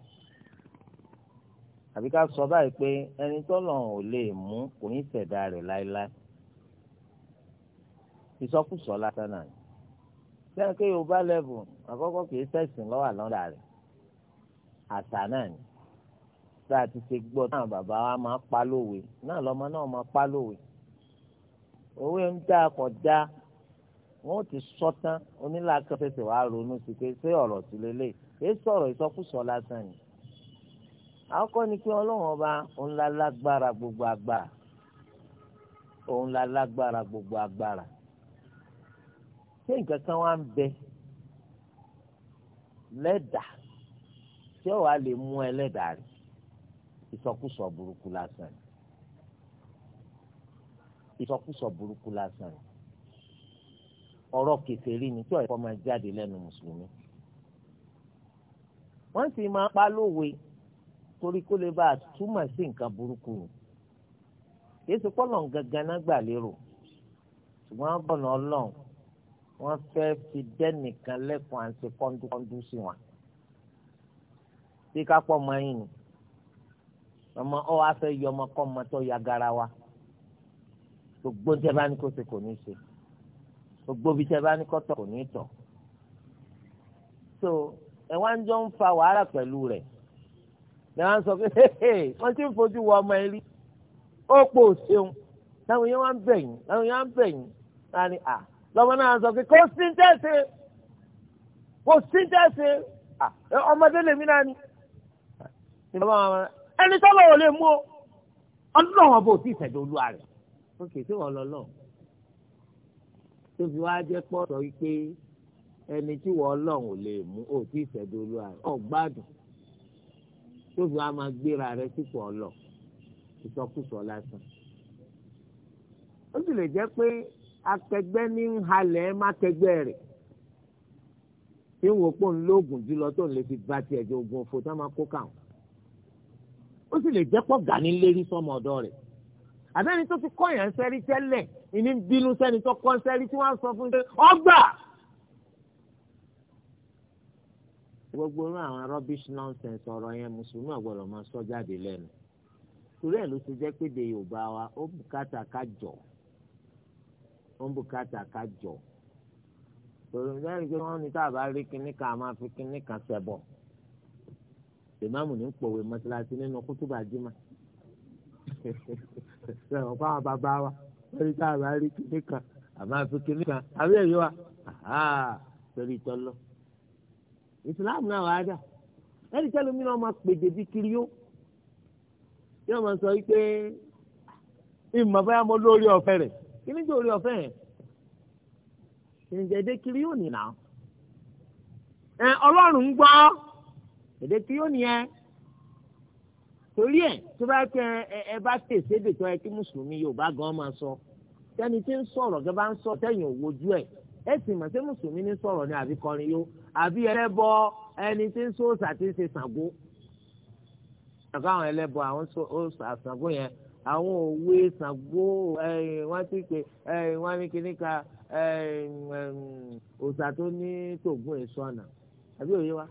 àbí ká sọ báyìí pé ẹni tọ́lọ̀ ò lè mú kò ní ṣẹ̀dá rẹ̀ láéláé ìsọkúsọ lásán náà sẹ́yìn pé yorùbá lẹ́bùn àkọ́kọ́ kì í sẹ̀sìn lọ́wọ́ àlọ́dà rẹ̀ àṣà náà ni tá a ti ṣe gbọ́ náà bàbá wa máa pa lówe náà lọ́mọ náà máa pa lówe òwe ń dá kọjá wọn ò ti sọ tán onílà kẹfẹsẹ̀ wàá ronú sí pé ṣé ọ̀rọ̀ sí lélẹ̀ èé sọ̀rọ̀ ìsọkúsọ lásán ni àkọ́kọ́ ni pé ọlọ́run ọba òun la lágbára gbogbo agbára òun la lágbára gbogbo agbára ṣé nǹkan kan wá ń bẹ lẹ́dà tí ó wà lè mú ẹlẹ́dà rẹ̀ ìsọkúsọ burúkú lásán ìsọkúsọ burúkú lásán ọ̀rọ̀ kèfèrí ni tí ọ̀yẹ́kọ́ máa jáde lẹ́nu mùsùlùmí wọ́n sì máa pa lówe torí kó lè bá a túmọ̀ sí nǹkan burúkú ni kìí ṣe pọ́lọ̀ gangan náà gbà lérò ṣùgbọ́n wọ́n bọ̀nà ọlọ́run wọ́n fẹ́ fi dẹ́nìkan lẹ́kùn àti kọ́ńdúkọ́ńdú sí wọn. bí kápọ̀ ọmọ yìí ni ọmọ ọ wá fẹ́ yọ ọmọ kọ́ ọmọ tó ya gara wa gbogbo tẹ bá ní kó ṣe kò ní ṣe gbogbo bí tẹ bá ní kó tọ̀ kò ní tọ̀ so ẹ̀ wá ń jọ ń fa wàhálà pẹ̀lú rẹ̀ náà wọ́n sọ pé wọ́n ti ń fojú wọ ọmọ ẹ rí ó pò ṣeun táwọn yẹn wá ń bẹ̀ yín táwọn yẹn wá ń bẹ̀ yín náà ni à lọ́mọ náà sọ pé kò sí tẹ̀sí kò sí tẹ̀sí ọmọdé lèmi náà ni ẹni tọ́lọ̀ ò lè mú o ọlọ́wọ́n bò tí ìṣẹ̀dá olúwa rẹ̀ ó kè sí ọlọ́lọ́ tó fi wá jẹ́ pọ́ sọ wípé ẹni tí wọ́n ọlọ́run ò lè mú o tí olúwa rẹ̀ ọ̀gbádùn tóbi a máa gbéra rẹ sípò ọlọ ìsọkúsọ lásán ó sì lè jẹ́ pé akẹgbẹ́ ní ń halẹ̀ mákẹgbẹ́ rẹ̀ tí ń wò pé òun lóògùn jùlọ tó ń lè fi gba tiẹ̀ jẹ oògùn òfò tó máa kó káwọn ó sì lè jẹ́ pọ̀ gani lérí sọmọ ọ̀dọ́ rẹ̀ àbẹ́ni tó ti kọ́ yẹn ń sẹ́rí tẹ́lẹ̀ ìní ń bínú sẹ́ni tó kọ́ ń sẹ́rí tí wọ́n á sọ fún un pé ọgbà gbogbo inú àwọn rubbish nonsense ọ̀rọ̀ yẹn mùsùlùmí ọ̀gbọ́dọ̀ máa sọ jáde lẹ́nu torí ẹ̀ ló ti jẹ́ pé de yorùbá wa ó bùkátà ká jọ ó bùkátà ká jọ torí lẹ́yìn pé wọ́n ní tá a bá rí kinní kan a máa fi kinní kan ṣẹbọ ìmáàmù ní pòwe mọ́ṣáláṣí nínú kútùbà jímà ṣe wọn fáwọn bàbá wa wọ́n ní tá a bá rí kinní kan a máa fi kinní kan àbí ẹ̀yọ́ wa torí tọ́lọ́. Islam náà wàá dà ẹnì kẹlẹ mi náà máa pèdè bí kiri yó yóò máa sọ wípé ìmọ̀ báyà mo lórí ọ̀fẹ́ rẹ̀ kí ni jẹ́ orí ọ̀fẹ́ yẹn ìrìnjẹ́ èdè kiri yó nìyà ẹ ọlọ́run ń gbọ́ èdè kiri yó nìyẹn torí ẹ tó bá tẹ ẹ bá tèsè èdè tó kí mùsùlùmí Yorùbá gan máa sọ tẹni tí ń sọ̀rọ̀ gẹ́gẹ́ bá ń sọ tẹ̀yìn òwojú ẹ̀ ẹ sì mọ̀ sí mùsùlùmí ní sọ̀rọ̀ ni àbí kọrin yó àbí ẹlẹ́bọ ẹni tí ń sọ òòṣà tí ń ṣe Ṣàngó. ṣàǹgó àwọn ẹlẹ́bọ àwọn òòṣà Ṣàngó yẹn àwọn òwe Ṣàngó wọ́n ti pè wọ́n ní kíní ka òòṣà tó ní tògùn èso ọ̀nà àbí òye wa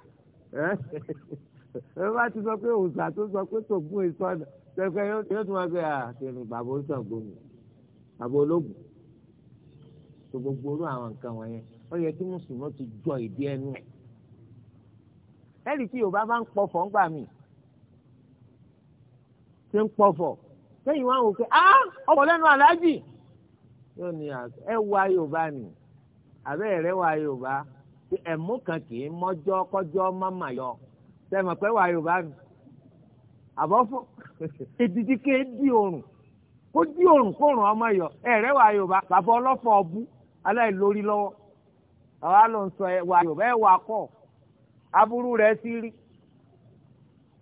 ẹ bá ti sọ pé òòṣà tó sọ pé tògùn èso ọ̀nà tẹ̀sán yóò tún wá pé àtẹnu bàbá oṣù àgbọ̀n ológun tó gbogbo orú àwọn nǹkan wọ̀nyẹn ó yẹ kí mùsùlùmí ti jọ ìdí ẹnu ẹ̀. tí yorùbá bá ń pọ̀fọ̀ ń gbà mí ṣe ń pọ̀fọ̀ sẹ́yìn wá wò pé á ọ̀pọ̀ lẹ́nu aláàjì yóò ní ẹ wá yorùbá ni àbẹ́ ẹ̀rẹ́ wá yorùbá ẹ̀mú kan kì í mọ́jọ́ kọjọ́ mọ́mà yọ sẹ́mi pé wá yorùbá ni àbọ̀ fún èdìdí di òrùn kó di òrùn kó rùn ọmọ yọ ẹ̀rẹ́ wá yorùbá bàbá ọlọ́fọ̀ ọbú aláìlórí lọ́wọ́ àwa ló ń sọ ẹwà yorùbá ẹwà kọ̀ aburú rẹ̀ sí rí.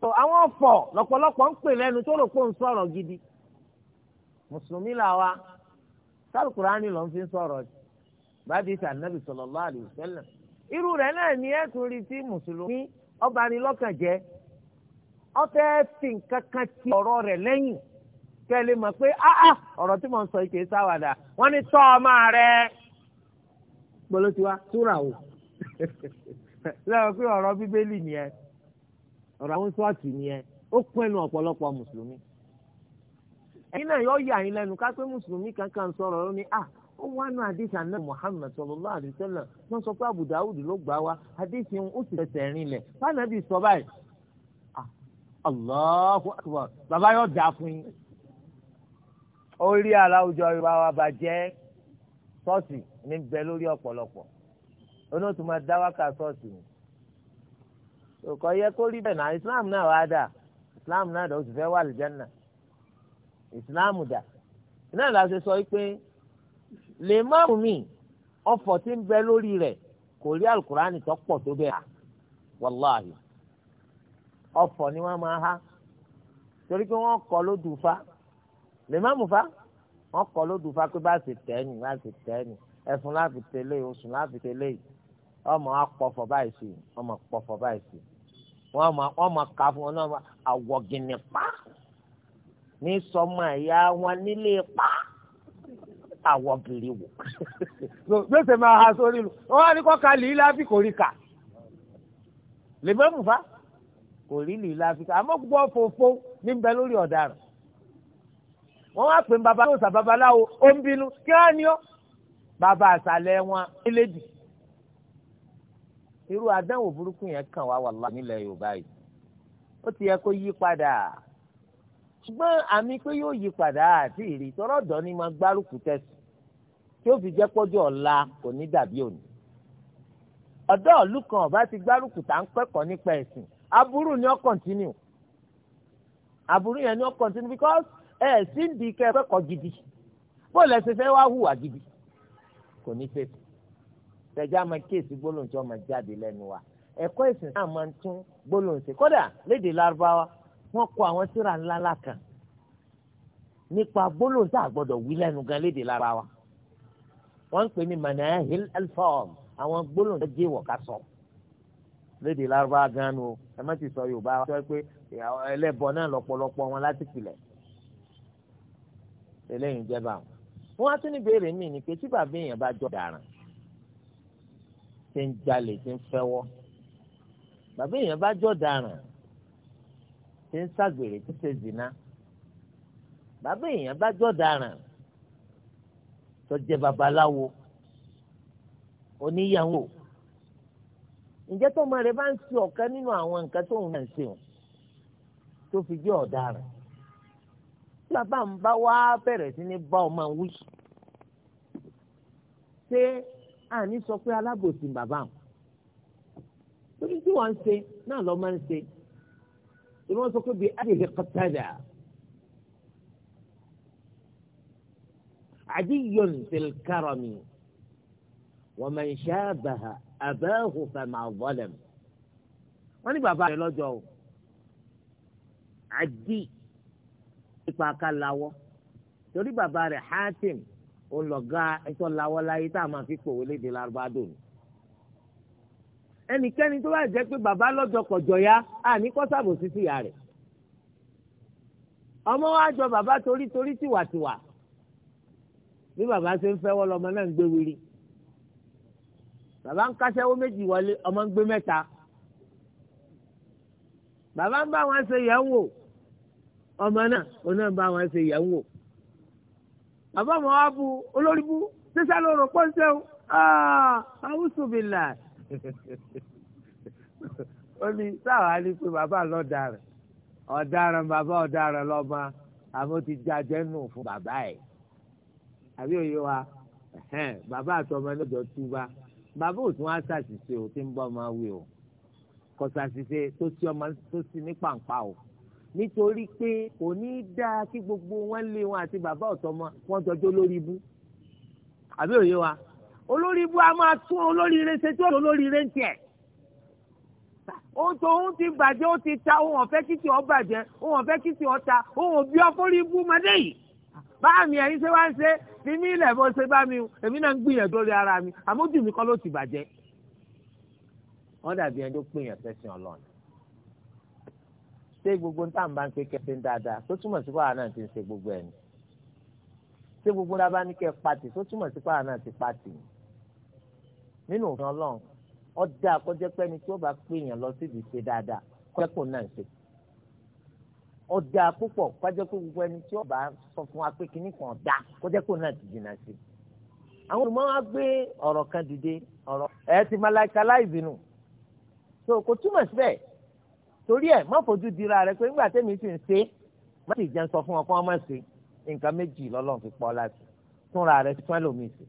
tó àwọn ọ̀fọ̀ lọ́pọ̀lọpọ̀ ń pè lẹ́nu tó rò pé ń gidi mùsùlùmí làwa sálùkùránì ló ń fi sọ̀rọ̀ bàbí sànàbì sallallahu alaihi wasallam irú rẹ̀ náà ni ẹ̀ rí tí mùsùlùmí ọba ni ọtẹ fi nǹkan ti pé tí mo ń sọ yìí kì í bọ́lọ́ ti wá súrà o lọ́wọ́ *laughs* pé ọ̀rọ̀ bíbélì nìyẹn ọ̀rọ̀ àwọn ṣọ́ọ̀ṣì nìyẹn ó pinnu ọ̀pọ̀lọpọ̀ mùsùlùmí ẹ̀yin náà yọ yà yín lẹ́nu kápẹ́ mùsùlùmí kankan sọ̀rọ̀ ló ní ah ó wá nù àdéhùn àná Muhammad sallallahu alaihi wasallam wọ́n sọ pé Abu Dawud ló gbà wá àdéhùn ó sì fẹsẹ̀ rìn lẹ̀ fànàbí sọ báyìí ah Allahu akbar bàbá yóò dà fún yín orí aláwùjọ Yorùbá wa bàjẹ́ ṣọ́ọ̀ṣì ní bẹ lórí ọ̀pọ̀lọpọ̀ onótùú máa dá wákà ṣọ́ọ̀ṣì ni òkò yẹ kó rí bẹ́ẹ̀ náà islam náà wá dà islam náà dà ó sì fẹ́ wà lìjánà islam dà iná ìlà ṣe sọ pé lè má mú mi ọ̀fọ̀ tí ń bẹ lórí rẹ̀ kò rí alukurani tó pọ̀ tó bẹ́ẹ̀ wàláhì ọ̀fọ̀ ni wọ́n máa há torí pé wọ́n kọ́ lódù fa lè má mú fa wọ́n kọ́ lódù fa pé bá ṣe tẹ́ ni bá ṣe tẹ́ ni ẹ̀fun láfi tẹ́lẹ̀ oṣù láfi tẹ́lẹ̀ ọmọ akpọ̀fọ̀ báyìí sí ọmọ akpọ̀fọ̀ báyìí sí wọ́n mọ wọ́n ká fún wọn náà àwọ̀gìnì pa ní sọmọ ẹ̀yà wọn nílé pa àwọ̀gìnì wò. gbèsè máa ha sórí lu wọ́n á ní kọ́ ka lìí láfi kò rí kà lè mọ́ mùfá kò rí lìí láfi kà àmọ́ gbọ́ fòfó níbẹ̀ lórí ọ̀daràn wọ́n wá pè ń baba lóòsà babaláwo ó ń bínú kí wọ́n á ní ọ́ bàbá àṣàlẹ̀ wọn elédì irú àdánwò burúkú yẹn kàn wá wàlá nílẹ̀ yorùbá yìí ó ti yẹ kó yí padà ṣùgbọ́n àmì pé yóò yí padà àti ìrì tọ́rọ̀ dán ni máa gbárùkù tẹ̀sí tí ó fi jẹ́ pọ́jọ́ ọ̀la kò ní dàbí òní ọ̀dọ́ ìlú kan ọ̀bá ti gbárùkù tá ń kẹ́kọ̀ọ́ nípa ẹ̀sìn aburú ni ó kọ̀ntínú aburú yẹn ni ó kọ̀ntínú because ẹ sì ń di kẹ́ kẹ́kọ̀ọ́ gidi bó lẹ ṣe fẹ́ wá hùwà gidi kò ní ṣe tẹ̀já máa kíyèsí gbólóhùn tí wọ́n máa jáde lẹ́nu wa ẹ̀kọ́ ìsìn náà máa ń tún gbólóhùn kódà léde lárúbáwá wọ́n kọ àwọn síra ńláńlá kan nípa gbólóhùn tá a gbọ́dọ̀ wí lẹ́nu gan léde lárúbáwá wọ́n ń pè ní manahil alfam àwọn gbólóhùn tó jẹ́ ìwọ̀ká sọ léde lárúbáwá gan nu ẹ má ti sọ yorùbá wa sọ pé ẹlẹ́bọ náà lọ́pọ̀lọpọ̀ wọn láti pilẹ̀ eléyìí jẹba wọn á tún ní béèrè mí ni pé tí bàbá èèyàn bá jọ dàrán tí ń jalè tí ń fẹ́wọ́ bàbá èèyàn bá jọ dàrán tí ń ṣàgbèrè tí ń ṣe zina bàbá èèyàn bá jọ dàrán tó jẹ́ babaláwo oníyàwó ǹjẹ́ tó ọmọ rẹ̀ bá ń ṣe ọ̀kan nínú àwọn nǹkan tó ń ṣe wọn tó fi jẹ́ ọ̀daràn bàbá ń bá wá bẹ̀rẹ̀ sí ní bá ọmọ wí ṣé àní sọ pé alábòsí bàbá àwọn torí tí wọ́n ń ṣe náà lọ́ máa ń ṣe tí wọ́n sọ pé bíi àdìhì kọ́tàdà àdìyọ̀n tìlkàrọ̀mì wọ́n máa ń ṣáàbàhà àbẹ́hù fàmà wọ́lẹ̀m wọ́n ní bàbá rẹ̀ lọ́jọ́ àdìyọ̀n nípa ká lawọ́ torí bàbá rẹ̀ Hatim olọ̀gá ẹ̀tọ́ lawọ́ láyé tá a máa fi pòwé léde lárúbádò ni. ẹnikẹ́ni tó bá jẹ́ pé bàbá lọ́jọ́ kọjọ́ ya àní kọ́ sí ìyá rẹ̀ ọmọ wa jọ bàbá torí torí tiwàtiwà bí bàbá ṣe ń fẹ́wọ́ lọ́mọ náà ń gbé wiri bàbá ń kásẹ́wó méjì wọlé ọmọ ń gbé mẹ́ta bàbá ń bá wọn ṣe yẹn wò ọmọ náà òun náà bá wọn ṣe ìyàwó bàbá wọn wá bu olórí bu sísá ló rò pọ́ ṣe ah, àwùsù bìlà ó ní sáwàá ní pé bàbá lọ́ọ̀dà rẹ̀ ọ̀daràn bàbá ọ̀daràn lọ́mọ àmọ́ ti jajẹ́ nù fún bàbá ẹ̀ àbí òye wa bàbá àtọmọ ẹlẹ́jọ túbá bàbá òtún á ṣàṣìṣe o tí ń bọ́ ọmọ wí o kò ṣàṣìṣe tó sí ọmọ tó sí ní pàǹpá o nítorí pé kò ní í dáa kí gbogbo wọn lé wọn àti bàbá ọ̀tọ́mọ wọn jọjọ́ lórí ibú àbí òye wa olórí ibú a máa tún olórí ire ṣe tí ó lórí ire ń tiẹ̀ ohun tó ohun ti bàjẹ́ ó ti ta ohun ọ̀fẹ́ kìtì ọ́ bàjẹ́ ohun ọ̀fẹ́ kìtì ọ́ ta ohun òbí ọkùnrin ibú mọ́dé yìí báà ẹ̀yin ṣe wá ń ṣe fi ilẹ̀ bó ṣe bá mi èmi náà ń gbìyànjú lórí ara mi àmójú mi kọ́ ló ti bàjẹ́ wọ́n dàbí ẹni tó pè yàn fẹ́sìn ọlọ́run ṣé gbogbo níta bá ń pè kẹsẹ̀ ń dáadáa tó túmọ̀ sí pàwọn náà ti ń ṣe gbogbo ẹ̀ ni ṣé gbogbo ńlá bá ní kẹ pati tó túmọ̀ sí pàwọn náà ti pati nínú òfin ọlọ́run ọdẹ àkọjẹ pé ẹni tí ó bá pè yàn lọ síbi ṣe dáadáa kọ́lẹ́kùn náà ń ṣe ọdẹ àpòpọ̀ kọjá pé gbogbo ẹni tí ó bá sọ fún wa pé kinní kan dá kọjá pé náà ti jìnnà sí àwọn olùmọ̀ wa gbé ọ̀rọ̀ so kò túmọ̀ torí ẹ̀ má fojú dira rẹ pé nígbà tẹ́mi sì ń ṣe má sì jẹun sọ fún ọ kó wọ́n má ṣe nǹkan méjì lọ́lọ́run fi pọ́ láti túnra rẹ tún ẹlòmíì ṣe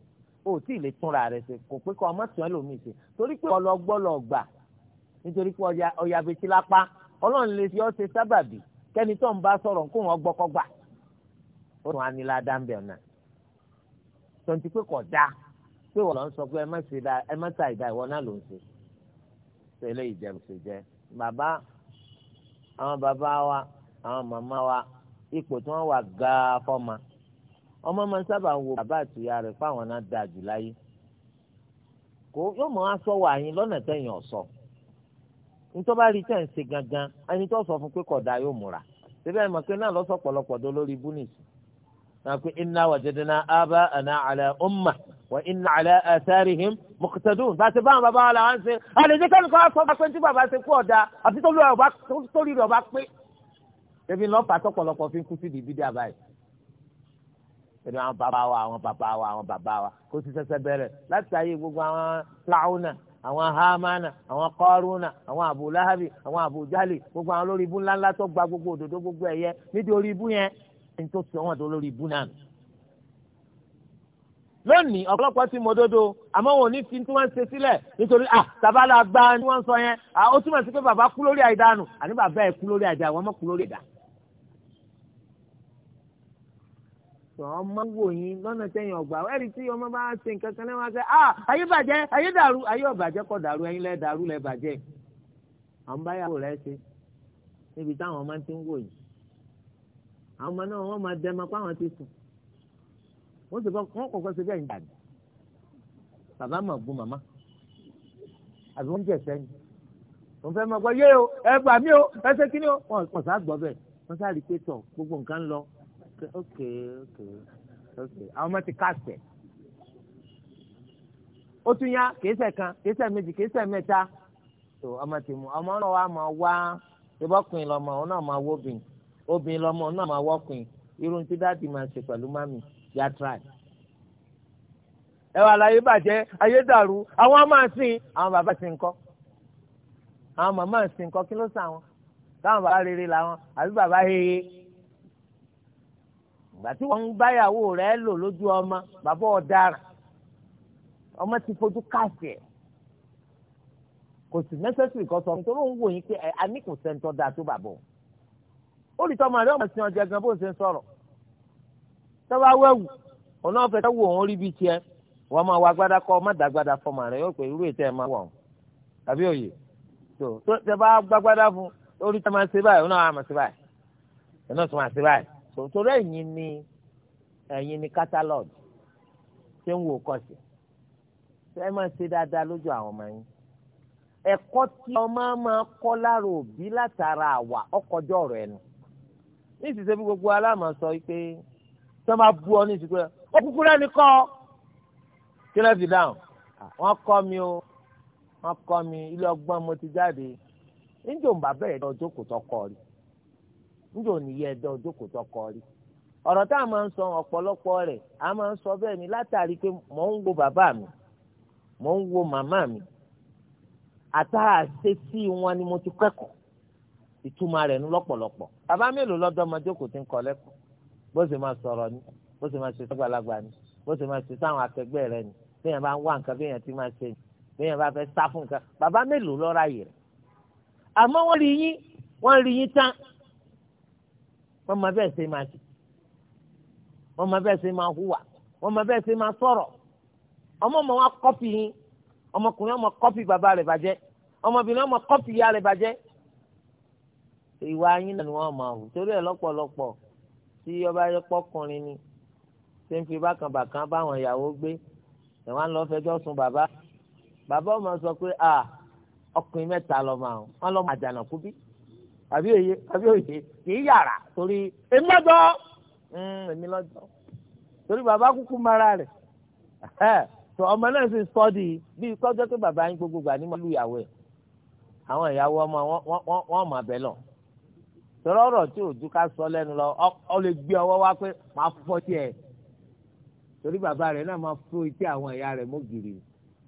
o ò tí ì lè túnra rẹ ṣe kò pé kó ọmọ tún ẹlòmíì ṣe torí pé ọlọgbọ́lọ̀ gbà nítorí pé ọya abetí lápá ọlọ́run lè fi ọ́ ṣe sábàbí kẹ́ni tó ń bá sọ̀rọ̀ kó wọn gbọ́kọ́ gbà ó tún á ní ládàá ń bẹ̀ náà tonti pé kò dáa pé wọ́n lọ sọ pé ẹ má ṣe dáa ẹ má ṣàìdá ìwọ náà ló ń ṣe ṣe eléyìí jẹ́ ṣe jẹ́ bàbá àwọn bàbá wa àwọn màmá wa ipò tí wà gáà fọ́ma ọmọ máa ń sábà wo bàbá àtìyá rẹ fáwọn náà dáa jù láyé kò yóò mọ aṣọ wà yín lọ́nà tẹ̀yìn ọ̀sọ́ nítorí bá rí tẹ̀ ń ṣe gangan ẹni tó sọ fún pé yóò múra síbẹ̀ lórí náà pé wa inna ala atharihim muqtadun bá a ṣe bá àwọn bàbá wa làwọn ṣe àlejò kẹ́ni kan sọ pé tí bàbá ṣe kú ọ̀dà àti tó lórí rẹ̀ ọba pé ṣẹbi lọ́ọ́ fà tọ́pọ̀lọpọ̀ fi ń kú sí ibi dí àbáyé pẹ̀lú àwọn bàbá wa àwọn bàbá wa àwọn bàbá wa kó sì ṣẹ̀ṣẹ̀ bẹ̀rẹ̀ láti ayé gbogbo àwọn fúláwùnà àwọn hamana àwọn kọ́rùnà àwọn abúláhàbì àwọn abújálì gbogbo àwọn lórí ibú ńláńlá tó gba gbogbo òdòdó gbogbo ẹ̀yẹ nídìí orí ibú yẹn ní tó sọ wọn tó lórí ibú náà lónìí ọ̀pọ̀lọpọ̀ ti mọ dodo àmọ́ wọn ò ní fi tí wọ́n ń ṣe sílẹ̀ nítorí ah, à tabalà gba ni wọ́n ń sọ yẹn à ah, ó túmọ̀ sí pé bàbá kú lórí àìdánu àní bàbá ẹ̀ kú lórí àìdá àwọn ọmọ kú lórí ẹ̀dá. sọ̀rọ̀ máa wò yín lọ́nà tẹ̀yìn ọgbà ẹ̀rí tí ọmọ bá ṣe nǹkan kan lẹ́wọ̀n ṣe à ayé bàjẹ́ ayé dàrú ayé ọ̀bàjẹ́ kọ̀ dàrú ẹ̀yin lẹ́ dàrú lẹ́ bàjẹ́ àwọn báyàwó wọ́n sì wọ́n kọ̀ọ̀kan ṣe bẹ́ẹ̀ ń gbà ní bàbá mà gun màmá àbí wọ́n ń jẹ̀ sẹ́yìn wọ́n fẹ́ máa gbọ́ yé o ẹ gbà mí o ẹ ṣe kí ni o wọ́n kọ̀ sá gbọ́ bẹ́ẹ̀ wọ́n sá rí i pé tọ̀ gbogbo nǹkan lọ ok ok ok àwọn ọmọ ti kásẹ̀ ó tún yá kéésẹ̀ kan kéésẹ̀ méjì kéésẹ̀ mẹ́ta tó ọmọ ti mú ọmọ náà wà máa wá ìbọ́kùnrin lọ́mọ òun náà máa wóbìn obìnrin lọ́mọ òun náà máa wọ́kùnrin irun tí dáàdì máa ṣe pẹ̀lú mami yà try. ẹ wà láyé bàjẹ́ ayé dàrú àwọn ọmọ àsìn àwọn bàbá sì ń kọ́ àwọn màmá sì ń kọ́ kí ló sàn wọn táwọn bàbá rere làwọn àbí bàbá heye ìgbà tí wọ́n ń báyàwó rẹ̀ lò lójú ọmọ bàbá ọ̀daràn ọmọ ti fojú káàsì ẹ̀ kò sì necessary kọ́ sọ nítorí òun wò yín pé àní sẹ́ńtọ́ dáa tó bàbá òun ó lè tọ́ ọmọ rẹ̀ ọmọ sí ọjà gan bó ń ṣe ń sọ̀rọ̀ tọ́ba wẹ̀wù òun náà fẹ́ òun rí bí tiẹ̀ wọ́n máa wá agbádá kọ́ má dàgbádá fọmọ rẹ̀ yóò pé irú ètò máa wọ̀ ọ́n tàbí òye tó tó tẹ́bá gbágbádá fún orí máa ṣe báyìí ṣe báyìí máa ṣe báyìí ni ẹ̀yin ni catalog ṣé ń wò kọ́ sí ẹ máa ṣe dáadáa lójú àwọn ọmọ yín ẹ̀kọ́ tí ọmọ máa kọ́ lára òbí látara sọ tó máa bu ọ ní ìsìnkú rẹ ó kúkú lẹ́nu kọ́ kí lẹ́ fi dáhùn ah. wọ́n kọ́ mi o wọ́n kọ́ mi ilé ọgbọ́n mo ti jáde níjò ń bá bẹ̀rẹ̀ ẹ̀dọ́ ojókòó tó kọ́ rí níjò ní yẹ ẹ̀dọ́ ojókòó tó kọ́ rí ọ̀rọ̀ tá a máa ń sọ ọ̀pọ̀lọpọ̀ rẹ̀ a máa ń sọ bẹ́ẹ̀ ni látàrí pé mò ń wo bàbá mi mò ń wo màmá mi àtàrà ṣẹ́sí wọn ni mo ti kẹ́kọ̀ọ́ ìtumọ̀ rẹ̀ ní lọ́pọ̀lọpọ̀ bàbá mélòó lọ́dọ́mọdé kò ti ń kọ́ lẹ́kọ̀ọ́ bó ṣe máa sọ̀rọ̀ ni bó ṣe máa ṣe sọ́gbàlagbà ni bó ṣe máa ṣe sáwọn akẹgbẹ́ rẹ ni bẹ́ẹ̀ bá ń wá nǹkan bẹ́ẹ̀ ti máa ṣe bẹ́ẹ̀ bá fẹ́ sá fún nǹkan bàbá mélòó lọ́ra yìí rẹ̀ àmọ́ wọ́n rí yín wọ́n rí yín tán wọ́n máa bẹ́ẹ̀ ṣe máa ṣe wọ́n máa bẹ́ẹ̀ ṣe máa hùwà wọ́n máa bẹ́ẹ̀ ṣe máa sọ̀rọ̀ ọmọ ọmọ wa kọ́pì yín ọmọkùnrin ọmọ kọ́pì bàbá rẹ̀ bàjẹ́ ọmọbìnrin ọmọ kọ́pì ìyá rẹ̀ bàjẹ́ ìwà yín náà ni wọ́n máa hù torí ẹ̀ lọ́pọ̀lọpọ̀ tí ọba yẹ pọkùnrin ni ṣé ń fi bákan bàkan báwọn ìyàwó gbé ẹ̀wọ̀n lọ fẹjọ́ sùn bàbá bàbá ọmọ sọ pé a ọkùnrin mẹ́ta lọ́mọ àwọn wọn lọ́mọ àjànàkú bí àbí òye àbí òye kì í yàrá torí èmi lọ́jọ́ hmm, èmi lọ́jọ́ torí bàbá kúkú mara rẹ̀ tó ọmọ náà sì sọ́ọ̀dì bíi kọ́jọ́ pé bàbá yín gbogbo gbà ní mọ́lú ìyàwó ẹ̀ àwọn ìyàwó ọmọ wọn wọn wọn mọ̀ abẹ́ lọ sọ̀rọ̀ ọ̀rọ̀ tí òjú ká sọ lẹ́nu lọ ọ lè gbé ọwọ́ wá pé máa fọ́ tiẹ̀ torí bàbá rẹ̀ náà máa fún etí àwọn ẹ̀yà rẹ̀ mọ́gìrì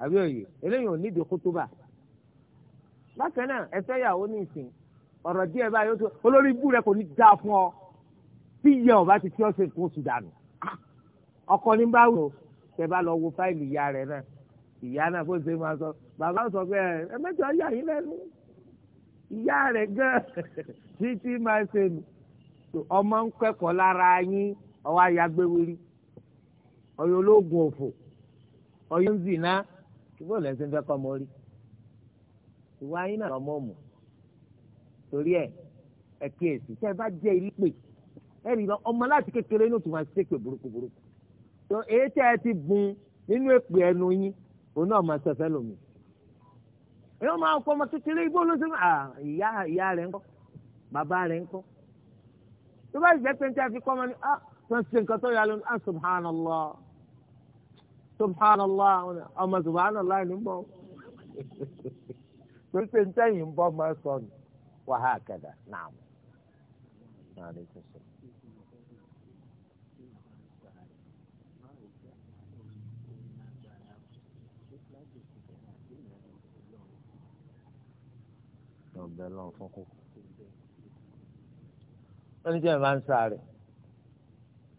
àbí òye eléyìí ò nídìí kútúbà bákan náà ẹ̀fẹ́ yàwó ní ìsìn ọ̀rọ̀ díẹ̀ báyìí ó tó olórí ibú rẹ̀ kò ní dáa fún ọ tí ìyẹ ọba ti fi ọ̀sẹ̀ kó oṣù dànù ọkọ ní bá wò tẹ bá lọ wo fáìlì ìyá rẹ̀ náà ìyá náà kó ṣe máa sọ bàbá sọ pé ẹ mẹ́jọ yà yín ìyá rẹ̀ gan títí máa ṣe nù ọmọ ń kẹ́kọ̀ọ́ lára yín ọwọ́ ayagbéwìrì ọyọ ológun òfò ọyọ ń zìnà ṣùgbọ́n lẹ́sìn fẹ́ kọ́ mọ́ rí ìwà yín náà torí ẹ̀ ẹ kíyèsí tẹ́ ẹ bá jẹ́ ẹ rí lọ ọmọ láti kékeré máa ṣe ti bùn nínú èpè ẹnu yín òun náà máa èèyàn máa kọ ọmọ kékeré igbó ló ṣe ah, ìyá ìyá rẹ̀ ń kọ́ bàbá ń tó bá pé ní a fi kọ́ ọmọ ni ah tó ń ṣe nǹkan tó yà lónìí ah subhanallah subhanallah ọmọ subhanallah ni bọ́ tó ń ṣe ní tẹ́yìn bọ́ èèyàn bẹ lọ fún kú. wọ́n ní jẹ́wọ́n máa ń sáré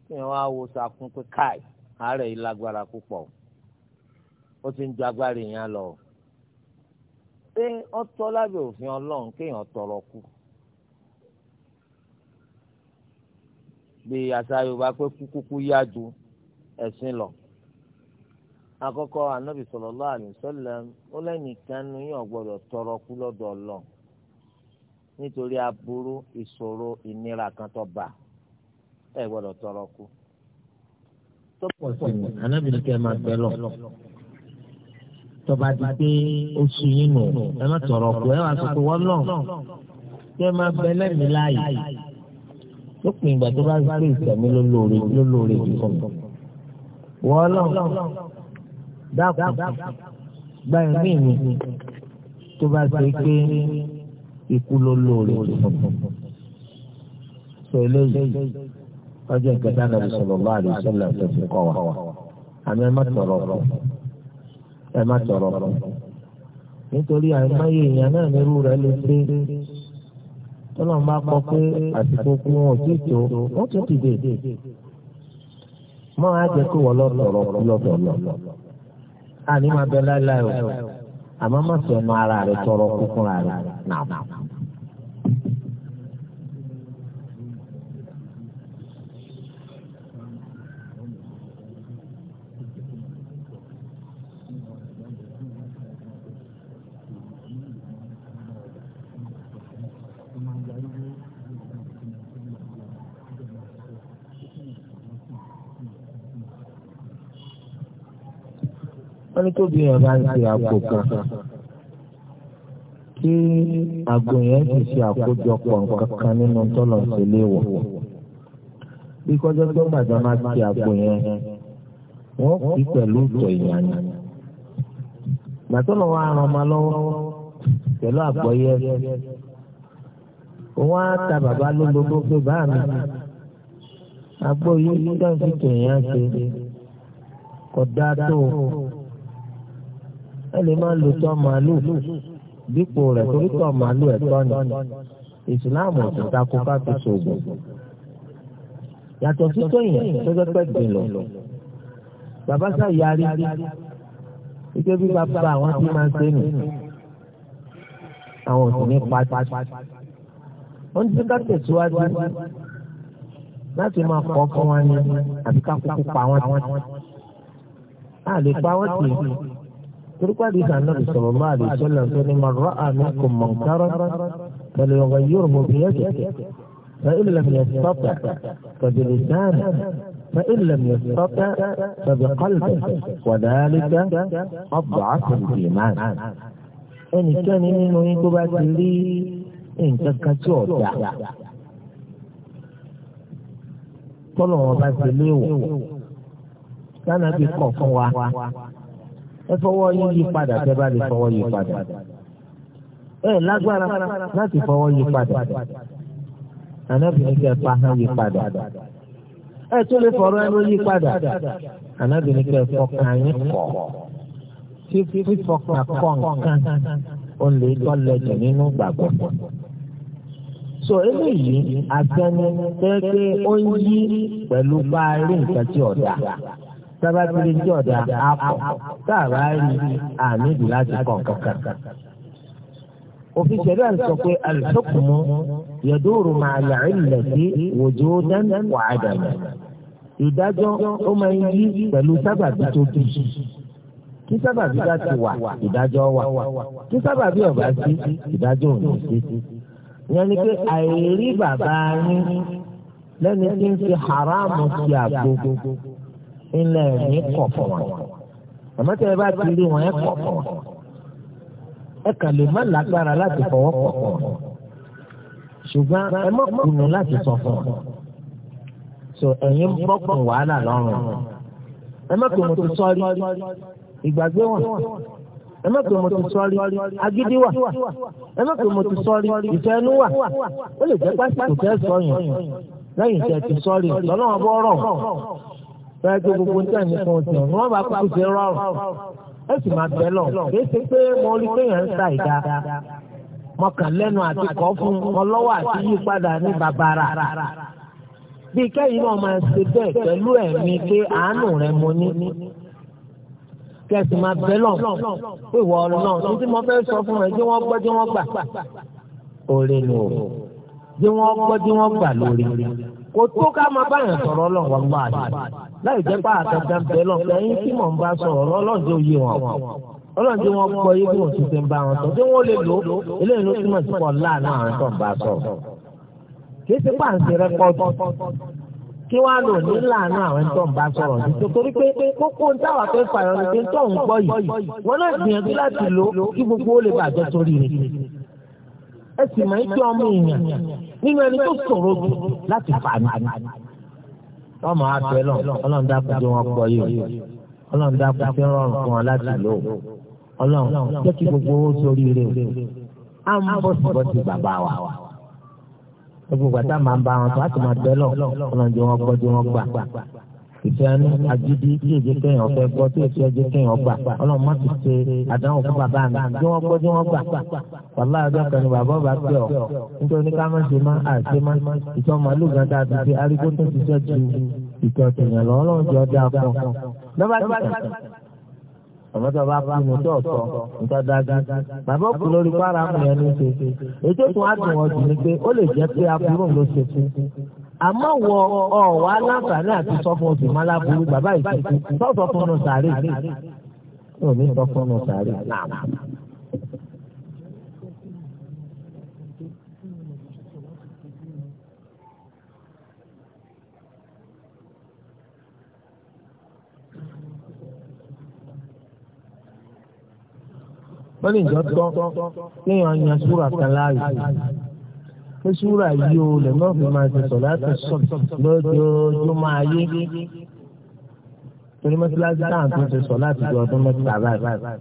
kí wọ́n wá wo sakun pé káì àárẹ̀ yìí lágbára púpọ̀ ó ti ń ju agbára èèyàn lọ. ṣé ó tọ́ lábẹ́ òfin ọlọ́run kéèyàn tọrọ kú. bí àṣà yorùbá pé kúkúkú yá ju ẹ̀sìn lọ àkọ́kọ́ anabi sallallahu alaihi wasallam ó lẹ́nìkan nu yín ọ̀gbọ́dọ̀ tọrọ kú lọ́dọ̀ Ọlọ́run nítorí aburú ìṣòro ìnira kan tó bá ẹ gbọ́dọ̀ tọrọ kú. tọ́pọ̀ sí ni anábìrin kẹ́ máa bẹ́ lọ tọba di pé ó sun yín nù ẹ má tọrọ kú ẹ wá sọ pé wọn náà kẹ́ máa bẹ lẹ́mìí láàyè lópin ìgbà tó bá gbé ìsẹ̀mí ló lóore ló lóore jù fún mi. wọ́n náà dákun gba ẹ̀mí mi tó bá ṣe pé. ikú ló lóore tó sọ eléyìí ọjọ́ ìkẹta nàbì sallallahu alaihi wasallam tó fi kọ́ wa àmì ẹ má tọrọ ọ̀rọ̀ ẹ má tọrọ ọ̀rọ̀ nítorí àìmọye èèyàn náà nírú rẹ̀ lè dé tọ́lọ́n bá kọ pé àsìkò kú wọn ò tí tó ó tún ti dé mọ́ àjẹ́ kó wọ́n lọ kú o àmọ́ má sọ ẹnu ara ní tóbi yẹn bá ń ṣe àpò kan kí àgbo yẹn sì ṣe àkójọpọ̀ kankan nínú tọ́lọ̀ sí ilé wọ̀. bí kọjọ́ tó gbàdá máa ṣe àgbo yẹn wọ́n kì í pẹ̀lú ìtọ̀ ìyànnì. gbàtọ́lọ̀ wa ràn ọmọ lọ́wọ́ pẹ̀lú àgbọ̀yẹ. wọ́n á ta bàbá lólobó pé bá mi. àgbo yìí ń dán fi tòyìn á ṣe kò tó ẹ lè máa lo tọ́ màálùú dípò rẹ̀ torí tọ́ màálùú ẹ̀tọ́ ni ìsìláàmù ọ̀sán takò ká fi ṣògùn. yàtọ̀ sí tóyìn pẹ́pẹ́pẹ́ gbìn lọ bàbá sá yarí ike bí bàbá àwọn tí máa ń ṣe nù àwọn òsì ní pátá. wọ́n ti ká tẹ̀síwájú láti máa kọ́ fún wa ní àbíká kúkú pa wọ́n tí. a lè pa wọ́n tì í turkwadi sa annabi sallallahu alaihi wasallam tó ní man ra'a minkum munkaran falyughayyirhu bi yadihi fa in lam yastati' fa bi lisanihi فإن لم يستطع فبقلبه وذلك أضعف الإيمان ẹnì kẹ́ni nínú yín tó bá ti rí nǹkan kan tí ọ̀dà tọ́lọ̀ wọn bá ti léwọ̀ sanabi kọ̀ fún wa ẹ fọwọ́ yín yí padà tẹ́ bá lè fọwọ́ yí padà ẹ lágbára láti fọwọ́ yí padà anábìnrin kẹ pa hàn yí padà ẹ tó lè fọ̀rọ̀ ẹnu yí padà anábìnrin kẹ fọkàn yín kọ̀ fífọkàn kọ̀ nǹkan ó lè tọ́lẹ̀ jù nínú gbàgbọ́ so eléyìí àtẹnu pé pé ó ń yí pẹ̀lú bá a rí nǹkan tí ọ̀dà sábà tí lè jẹ́ ọ̀dà akọ̀ sáàbà rí àmì ìdù láti kọ̀ kankan. òfin ṣẹ̀ríà sọ pé al-hukmu yaduru ma'al 'illati wujudan wa 'adaman. ìdájọ́ ó máa ń yí pẹ̀lú sábàbí tó dì í kí sábàbí bá ti wà ìdájọ́ wà kí sábàbí ò sí ìdájọ́ ò sí. ìyẹn ni pé àìrí bàbá yín lẹ́ni tí ń fi haramu sí àgbo ńlẹ̀ ní kọ̀ wọn àmọ́ tẹ́ ẹ bá ti rí wọn ẹ kọ̀ wọn ẹ kàn lè má lágbára láti fọwọ́ kọ̀ wọn ṣùgbọ́n ẹ kùnú láti sọ fún wọn so ẹ̀yin bọ́kùn wàhálà lọ́rùn ẹ má kùnú ti sọ́rí ìgbàgbé wọn ẹ má pè ti sọrí agídí wà ẹ má pè wà ó lè jẹ sọ lẹ́yìn fẹ́ẹ́ tó gbogbo ní àná fún ọ̀sẹ̀ ni wọ́n bá kúkú ṣe rọrùn ẹ sì máa bẹ́ lọ kí ṣe pé mo rí kéèyàn ń ta ìdá mo kàn lẹ́nu àti kọ́ fún mo lọ́wọ́ àti yí padà ní bàbàrà bí kẹ́yìn náà máa ṣe bẹ́ẹ̀ pẹ̀lú ẹ̀mí pé àánú rẹ̀ mo ní kẹsì máa bẹ́ lọ pé ìwọ ọ̀rọ̀ náà títí mo fẹ́ sọ fún ẹ jẹ́ wọ́n gbọ́ jẹ́ wọ́n gbà òrè ni ò jẹ́ wọ́n gbọ́ jẹ́ wọ́n gbà lórí kò tó ká máa bá yẹn sọ̀rọ̀ lọ wọ́n bá a lè láì jẹ́ pé àtẹ̀tẹ̀ bẹ́ẹ̀ lọ pé ẹyin tí mò ń bá sọ̀rọ̀ lọ́lọ́dún yé wọn ọlọ́run tí wọ́n gbọ́ yé bí wọ́n ti ṣe ń bá wọn sọ tí wọ́n lè lò eléyìí ló túmọ̀ sí pọ̀ láàánú àwọn tó ń bá sọ̀rọ̀ kì í ṣe pàǹsì rẹ pọ̀ kí wọ́n á lò ní láàánú àwọn tó ń bá sọ̀rọ̀ nítorí torí pé kókó ń táwà pé fàyọ̀ ní tó ń gbọ́ yìí wọ́n náà gbìyànjú láti lò kí gbogbo ó lè bàjẹ́ sórí rẹ̀ ẹ sì máa ń pé ọmọ èèyàn nínú ẹni tó sọ̀rọ̀ jù láti fàánù. ọmọ àtẹ lọ ọlọ́run dákun tí wọ́n pọ̀ yìí ọlọ́run dákun tí rọrùn fún wọn láti lò ọlọ́run jẹ́ kí gbogbo owó sórí rẹ̀ á ń bọ̀ síbọ̀ sí bàbá wa gbogbo gbàtà máa ń bá wọn tó a máa bẹ́ lọ ọlọ́run jẹ́ wọn gbọ́ jẹ́ wọn gbà ìfẹ́nu agídí tí èjì kẹyìn ọ̀fẹ́ gbọ́ tí èjì ẹjì kẹyìn ọgbà ọlọ́run má ti ṣe àdánwò fún bàbá mi bí wọ́n gbọ́ bí wọ́n gbà wàhálà ọjọ́ kan ni bàbá ọba pẹ̀ ọ́ nítorí ká má ṣe má àṣe má ìtọ́ màálù gan tá a ti fi arígbó tó ti ṣe ju ìtọ́ tìyàn lọ ọlọ́run jọ dá a kọ́ lọ́ba ti kàn àmọ́ tó bá bá mu tó ọ̀tọ̀ nǹkan dájú bàbá òkú lórí kwara mu yẹn ṣe àmọ́ wọ ọ wà láǹfààní àti sọ́fún oṣù málábùrú bàbá ìsìnkú sọ́sọ́ fún un sàárè ò ní sọ fún un sàárè náà. wọ́n lè jọ tán kéèyàn yan súrà kan láàyè pé súrà yìí o lè náà fi máa ṣe sọ̀lá tó sọ̀ lójoojúmọ́ ayé torí mọ́tíláṣí táwọn tó ṣe sọ̀lá ti di ọdún mẹ́ta báyìí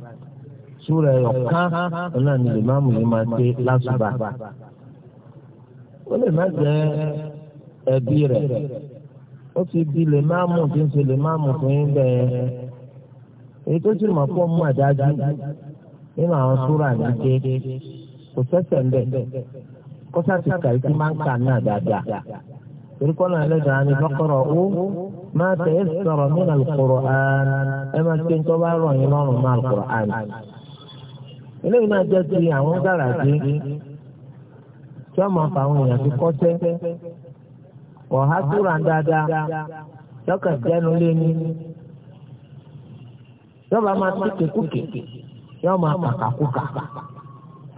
súrà ẹ̀yọ̀ kan ọ̀nà ni lè má mú yín máa ṣe lásùbà ó lè má jẹ́ ẹbí rẹ̀ o ti di lè má mú tí ń ṣe lè má mú fún yín bẹ́ẹ̀ èyí tó sì mọ̀ fún ọmọ àdájú nínú àwọn súrà ní ké kò sẹ́sẹ̀ ń bẹ̀. kọ́sàtìkà ikú máa ń kà náà dáadáa. Torípọ́nà ẹlẹ́dàá ni lọ́kọ̀rọ̀ ó máa tẹ̀yẹ sọ̀rọ̀ nínú àlùkòrò àn ẹ máa ké tó bá rọ̀ yín lọ́rùn máa àlùkòrò àn. Eléyìí náà jẹ́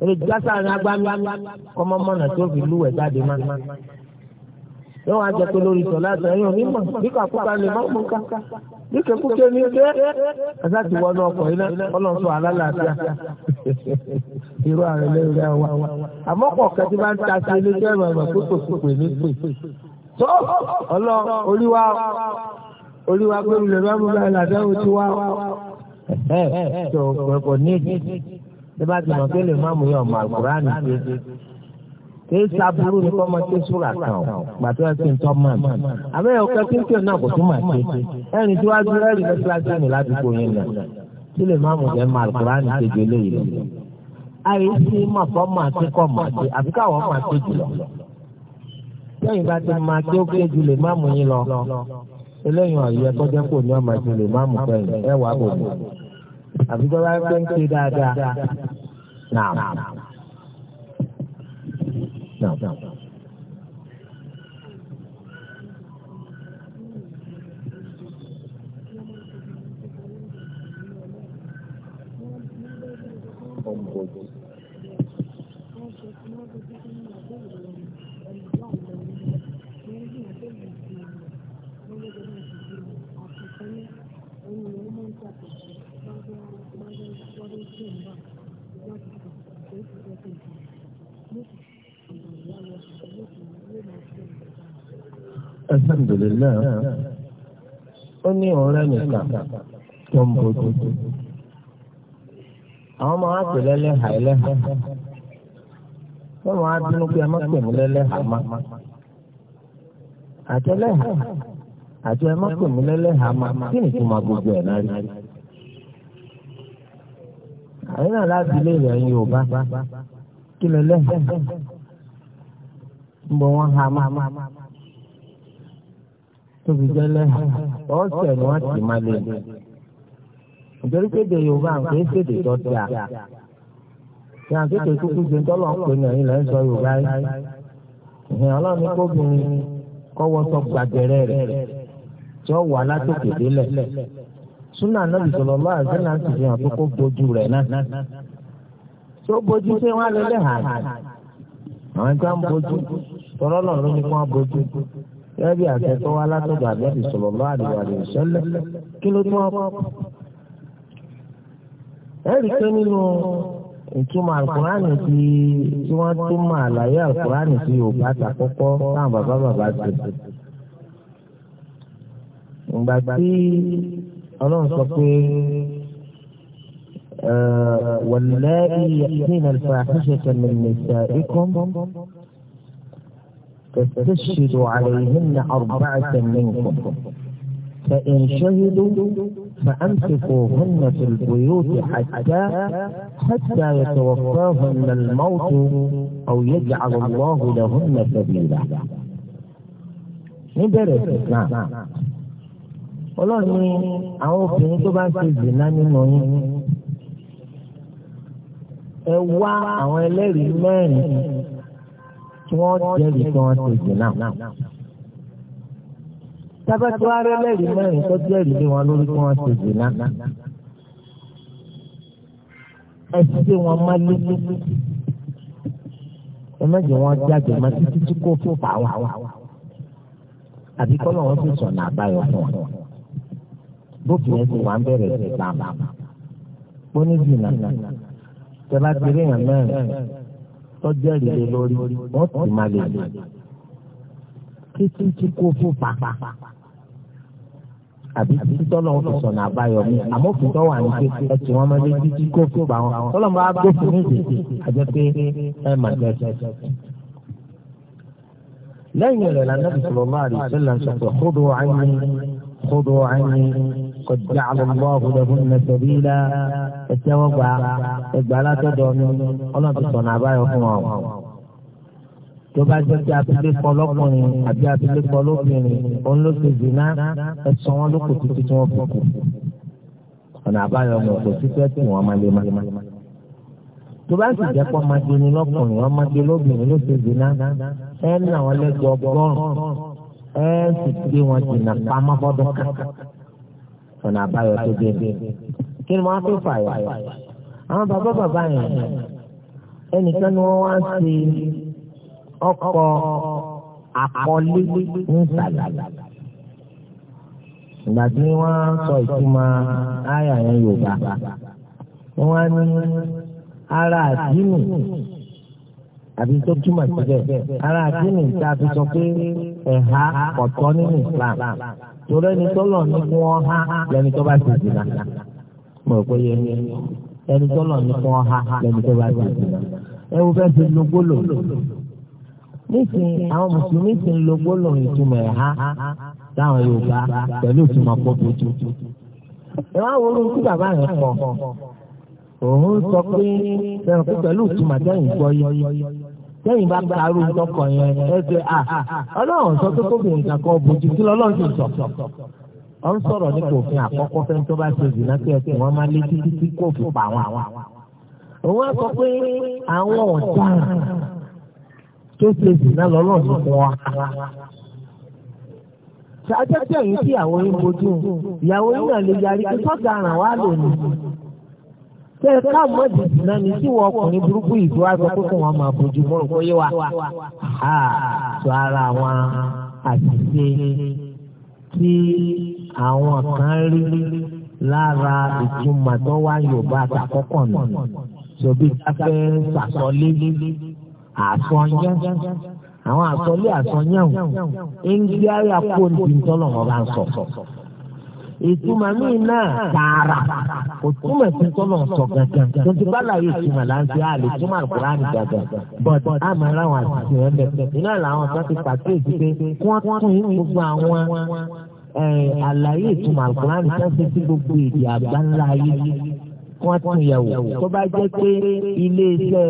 eré jásá ní agbára kọ́mọ mọ́nà tó fi lúwẹ̀ jáde má. yóò wá jẹ pé lórí ìtọ̀ láti ẹ̀yìn òní mọ̀ bí kàkúkà lè má mú ká bí kẹkúkẹ́ ní ṣe ẹ̀sà ti wọnú ọkọ̀ iná ọlọ́sọ alálàáfíà irú ààrẹ lẹ́yìn rẹ̀ wá. àmọ́ pọ̀ kẹ́tí bá ń ta sí ilé jẹ́ ìrọ̀rùn tó kò sí pè ní pè. tó ọlọ oríwá oríwá pé olùlẹ̀ bá mú báyìí làdáwò ti wá. ẹ̀ẹ́ tó ọ̀pọ̀ ní tí bá ti mọ̀ pé lè má mú yàn mọ̀ àlùkùránì ṣe kì í sábúrú ní kọ́mọ tí sùrà kan ọ̀ gbàtọ́ ẹ̀sìn tó mọ̀ ní. àbẹ́yẹ̀ ọ̀kẹ́ kíntìn náà kò tún mà ṣe ẹ̀rìn tí wàá dúró ẹ̀rìn mẹ́tíláṣí àmì ládùúgbò yẹn nà tí lè má mú yẹn mọ̀ àlùkùránì ṣe jù eléyìí lọ. ayé sí màfọ́ máa ti kọ́ máa ti àbí káwọn máa ti jù lọ. sẹ́yìn bá ti máa kí ó ké ju lè má mú yín lọ eléyìí ọ̀yẹ́ àbí tó bá pẹ́ ń ṣe dáadáa náà. Thank alhamdulilayi ó ní ọ̀rẹ́ nìkan tó ń bójú àwọn ọmọ wa pè lẹ́lẹ́hà ẹlẹ́hà wọ́n máa dúró pé ẹ má pè mí lẹ́lẹ́hà má àtẹlẹ́hà àti ẹ má pè mí lẹ́lẹ́hà má kí ni kí n máa gbogbo ẹ̀ náà rí àyìn náà láti ilé rẹ̀ ń Yorùbá kí lẹ́lẹ́hà ń bọ̀ wọ́n ha má. tóbi jẹ́lẹ́ ọ̀sẹ̀ ni wọ́n ti máa lè lò. nítorí péde yorùbá ń pè é séde tó dáa. ṣé àkékè kúkú ṣe ń tọ́lọ̀ ń pè ní ẹ̀yìn lẹ́yìn sọ yorùbá ìhìn ọlọ́run ní kóbìnrin kọ́wọ́ sọ gbàgẹ̀rẹ́ rẹ̀ tí ó wà látòkè délẹ̀. súnà náà ìṣòro lọ́wọ́ àti náà ti fi hàn tó kó bojú rẹ̀ náà. tó bojú pé wọ́n á lọ lẹ́hàn àwọn ìjọba ń gẹ́gẹ́ bí àṣẹ tó wá látọ̀dọ̀ àgbẹ̀bí sọ̀rọ̀ lọ́wọ́ àdìwà rẹ̀ sẹ́lẹ̀ kí ló tún ọkọ̀. ẹ̀rí pé nínú ìtumọ̀ alukurani ti tí wọ́n túmọ̀ àlàyé alukurani ti yorùbá ta kọ́kọ́ táwọn bàbá bàbá ti. ìgbà tí ọlọ́run sọ pé wàlẹ́ ìyàtí ìnàlfà àṣìṣe tẹ̀lé nìṣẹ́ ikọ́. فاستشهدوا عليهن أربعة منكم فإن شهدوا فأمسكوهن في البيوت حتى حتى يتوفاهن الموت أو يجعل الله لهن سبيلا. níbẹ̀rẹ̀ islam ọlọ́run ni àwọn obìnrin tó bá ń ṣe zina nínú yín ẹ tí wọ́n jẹ́rìí tí wọ́n ṣe jù náà. Tábàtí wàá rí lẹ́rìí mẹ́rin tó jẹ́rìí lé wọn lórí tí wọ́n ṣe jù náà. Ẹ ti gbé wọn má lé ẹ má jẹ́ wọn jáde má títí tí kò fún pa wọn. Àbí kọ́lọ̀ wọn ti sọ̀nà àbáyọ fún wọn. Bókì yẹn ti wà ń bẹ̀rẹ̀ sí bàbà. Ó ní jìnnà. Tẹ́lá ti rí èèyàn mẹ́rin tọ́jọ́ ìrìlẹ̀ lórí wọ́n sì máa lè lè títí tí kò fún pàpà àbí títí tọ́lọ̀ ń sọ̀sọ̀ náà báyọ̀ mi àmọ́ òfin tó wà ní pé ẹ tí wọ́n máa lé títí kò fún pa wọn tọ́lọ̀ máa gbé fún mi dè àjẹ́ pé ẹ mà jẹ́ lẹ́yìn rẹ̀ lànà bisalòlá àdìsílẹ̀ ń sọ̀tọ̀ kódò ànyìn kódò ànyìn. قد جعل الله لهن سبيلا ẹ̀tẹ́wọ́gbà ẹgbàá látọ̀dọ̀ mi ọlọ́run ti sọ̀nà àbáyọ fún ọ. tó bá jẹ́ kí abilé kọ́ lọ́kùnrin àbí abilé kọ́ lóbìnrin òun ló ti zìnà ẹ̀sán wọn ló kò títí tí wọ́n fi kù. ọ̀nà àbáyọ mi kò títẹ́ tì wọ́n máa lé máa. tó bá sì jẹ́ pọ́ máa gbéni lọ́kùnrin wọ́n máa gbé lóbìnrin ló ti zìnà ẹ̀ ń nà wọ́n lẹ́gbẹ̀ẹ́ ọgọ́rùn sì gbé wọn jìnnà pamọ́ bọ́dọ̀ kankan ọ̀nà àbáyọ tó dé dé kí ni wọ́n á tó fà yà àwọn bàbá bàbá yẹn ẹnìkan ni wọ́n wá ń ṣe ọkọ̀ àkọlé ní ìsàlẹ̀ ìgbà tí wọ́n sọ ìtumọ̀ ayà yẹn Yorùbá wọ́n ní ara àdínù àbí tó túmọ̀ síbẹ̀ ara àdínù tá a fi sọ pé ẹ̀ha ọ̀tọ̀ nínú Islam torí ẹni tọ́lọ̀ ní kí wọ́n há lẹ́ni tó bá ti dìnnà mo rò pé yẹn ẹni tọ́lọ̀ ní kí wọ́n há lẹ́ni tó bá ti dìnnà ẹ wo fẹ́ẹ́ fi lo gbólò nísìnyí àwọn mùsùlùmí ti ń lo gbólò ìtumọ̀ ẹ̀ há láwọn Yorùbá pẹ̀lú ìtumọ̀ pọ̀ bójú ẹ wá wo orúkú bàbá rẹ̀ pọ̀ òun sọ pé ẹ̀rọ pẹ̀lú ìtumọ̀ àtẹ̀yìnbọ̀ yọ lẹ́yìn bá karú tọkọ yẹn ẹsẹ̀ à ọlọ́run sọ pé kóbìnrin kankan bójú kí lọ́lọ́run ti sọ. ọ ń sọ̀rọ̀ nípa òfin àkọ́kọ́ fẹ́ tó bá ṣe ìdìnnà kí ẹsẹ̀ wọn máa lé títí tí kò fi pa àwọn àwọn. òun á sọ pé àwọn ọ̀daràn tó ṣe lọ́lọ́run ti ṣáájú ìyàwó yín ṣe ká mọ́dì jìnnà ni tí wọ́n ọkùnrin burúkú ìlú wa sọ pé kí wọ́n máa bójú mọ́ òkú yé wa. sọ ara àwọn àṣìṣe tí àwọn kan rí lára ìtumọ̀ tó wá Yorùbá àtàkọ́kọ̀ nù. sọ̀bí káfẹ́ sàsọlé àsọyẹ́ àwọn àsọlé àsọyẹ́ ń gbé ayé àpò ní ìtọ́lọ̀ wọn bá ń sọ̀tọ̀ ìtumọ̀ míì náà tààrà kò túmọ̀ sí tọ́lọ̀ sọ gangan tó ti bá láàyè ìtumọ̀ láti àlè túmọ̀ àkùrá ní gangan but àmọ́ láwọn àtìsí rẹ̀ bẹ̀ iná làwọn kan ti pàkíyèsí pé wọ́n tún gbogbo àwọn àlàyé ìtumọ̀ àkùrá ní sáfẹ́ sí gbogbo èdè àgbáńlá ayé wọ́n tún yẹ̀ wò tó bá jẹ́ pé iléeṣẹ́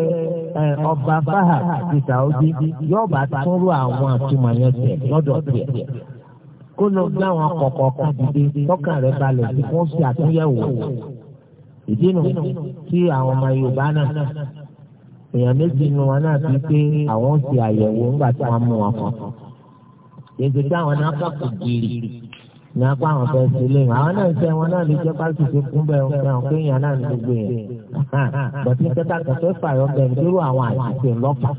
ọba Fahad ti Saudi yóò bá tún rú àwọn àtúmọ̀ yẹn tẹ̀ lọ́dọ̀ tẹ̀ kó lọ gbé àwọn kọ̀ọ̀kọ̀ kan dìde tọ́kàn rẹ̀ balẹ̀ tí wọ́n ṣe àtúnyẹ̀wò ìdí nu tí àwọn ọmọ Yorùbá náà èèyàn méjì nu wọn náà fi pé àwọn ṣe àyẹ̀wò nígbà tí wọ́n mú wọn kàn èdè tí àwọn náà kàkó gírì ní apá àwọn fẹ́ sí lẹ́yìn àwọn náà ṣe wọn náà lè jẹ́ pásítì tó kún bẹ́ẹ̀ ń fẹ́ràn pé èèyàn náà ní gbogbo yẹn bọ̀tí kẹta kẹfẹ́ fàyọ̀ bẹ́ẹ̀ nítorí àwọn àṣìṣe ńlọ́pàá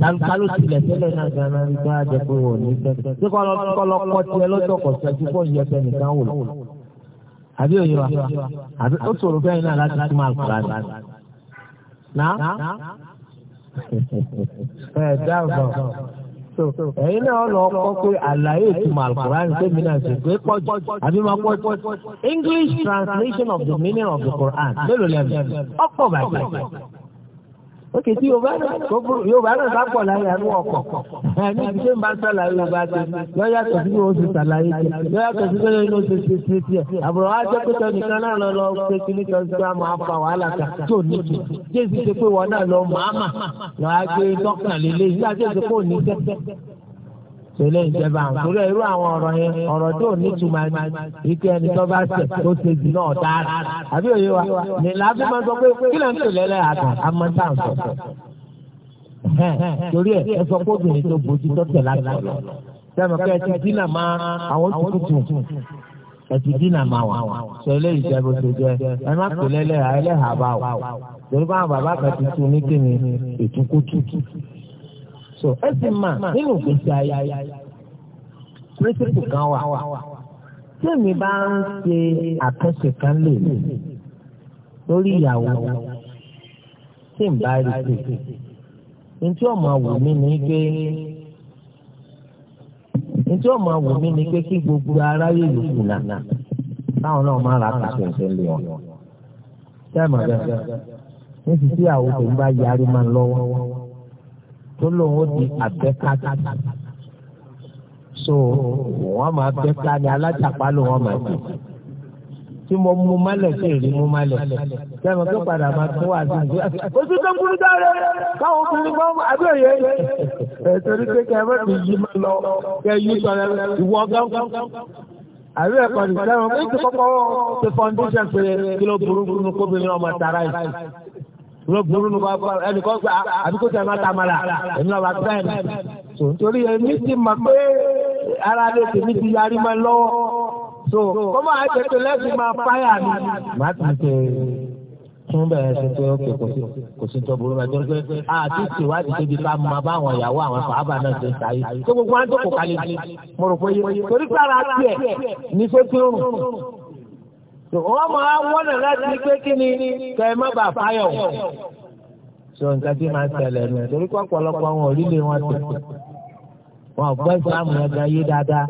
Tàǹtàlù tilẹ̀ tẹ́lẹ̀ náà gan-an ní ká jẹ pé wọ́n ní fẹ́. Ṣé kọ́lọ́kọ́ tiẹ̀ lọ́jọ́ kọ̀ ṣẹ́jú fún ìyẹ́fẹ́ nìkan wò lọ? Àbí òye wa? Àbí ó ṣòro fẹ́yìn náà láti tún máa kúra rẹ̀. Nà? Ẹ dáàbọ̀. Ẹ̀yin náà lọ kọ́ pé àlàyé ìtumọ̀ Al-Qur'an tẹ́mi náà ṣe pé pọ̀ jù àbí máa pọ̀ jù. English translation of the meaning of the Quran mélòó lẹ́nu? Ọ̀pọ̀ bàjẹ́. Ok, òkè tí yorùbá náà yorùbá náà sápọ̀ láyé àánú ọkọ̀ ẹ̀mí ti ṣe ń bá sàlàyé yorùbá ti lọ́yà tó sí yóò ṣe sàlàyé tiẹ̀ lọ́yà tó sí lọ́yà yóò ṣe ṣe ṣe tiẹ̀ àbúrò wa jẹ́ pẹ́tọ́ nìkan náà lọ lọ pé kí ní tọ́sí wa máa fa wàhálà kà tó ní tù jésù ṣe pé wọn náà lọ màámà lọ́ọ́ á gbé dọ́kàn lélẹ́yìn tẹlẹ ìjẹba àǹkúrẹ irú àwọn ọ̀rọ̀ yẹn ọ̀rọ̀ tó ní tuma ni ike ẹni tó bá ṣẹ̀ tó ṣe jù náà dára àbí òye wa ní láti máa sọ pé kí ló ń tò lẹ́lẹ́ àgbà amọ́tà ń sọ torí ẹ ẹ sọ pé obìnrin tó bójú tó tẹ̀ láti lọ sẹ́mi pé ẹ ti dínà máa àwọn tuntun ẹ ti dínà máa wà tẹlẹ ìjẹba tó jẹ ẹ má tò lẹ́lẹ́ àìlẹ́hàbà o torí báwọn bàbá kan ti tún ní kíni ètúkútù sọ ẹ sì mà nínú ìgbésí pírísìpù kan wà tí èmi bá ń ṣe àtúnṣe kan lè mi lórí ìyàwó tí n bá rí i pé ntí ọmọ wò mí ọmọ kí gbogbo aráyé yòókù náà táwọn náà máa ra tó lòun ó di àbẹ́kátà so wọ́n máa bẹ́ká ni alájàpá ló wọ́n máa di tí mo mú malẹ̀ sí èrí mú malẹ̀ sẹ́wọ̀n tó padà máa tó wà sí ìdí. oṣù tó kúrú dáre káwọn obìnrin bá wọn àbí òye ẹ̀sọ́rí pé kẹ́ ẹ bá ti yí máa lọ kẹ́ ẹ yí sọ̀rọ̀ ìwọ gángan. àbí ẹ̀kọ́ ní sẹ́wọ̀n pé kí kọ́kọ́ ṣe foundation pé kí ló burú burú kóbìnrin ọmọ tara yìí ló burú ló bá bá ẹnìkan gbà àbíkó tẹ̀ máa tamara ẹ̀mí náà bá gbà ẹ̀ náà. tó nítorí ẹni ti mọ̀ pé ara lè tèmi ti yarí máa lọ́wọ́. tó kọ́ máa tètè lẹ́sìn máa fáyà mi. màá ti ṣe tún bẹ̀rẹ̀ ṣe pé ó pè kò sí tó burú bá jẹ́ pé àti ìwádìí débi ká máa bá àwọn ìyàwó àwọn sàábà náà ṣe ṣàyè tó gbogbo wọn tó kò kalẹ̀ mo rò pé torí pé ara tiẹ̀ ní sókè òrùn wọ́n máa wọ́nà láti ní pé kí ni kẹ́ ẹ má bàa fáyọ̀. sọ nǹkan tí màá ṣẹlẹ̀ nù torí pé ọ̀pọ̀lọpọ̀ àwọn òrìlé wọn tó wọn gbọ́ ìsìlámù yẹn gan yé dáadáa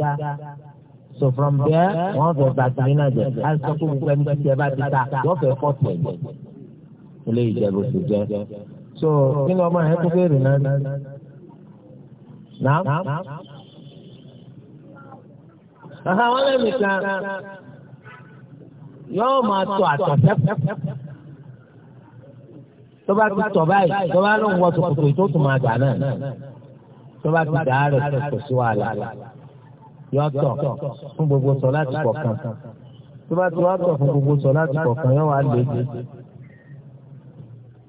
so from there wọ́n fẹ́ bàtìrì náà jẹ láti sọ pé gbogbo ẹni tí ẹ bá ti ta wọ́n fẹ́ fọ́ tẹ̀ ẹ̀ ilé ìjẹ̀bù sì jẹ́ so kí ni ọmọ yẹn tó béèrè náà náà. àwọn ẹlẹ́mìí kan yóò máa tọ àtọ̀tẹ́ tó bá ti tọ̀ báyìí tó bá lóun wọ tòkòtò tó tún máa dà náà tó bá ti dà á rẹ̀ kò sí wàhálà yóò tọ̀ fún gbogbo sọ láti pọ̀ kan tó bá ti wá tọ̀ fún gbogbo sọ láti pọ̀ kan yóò wá léde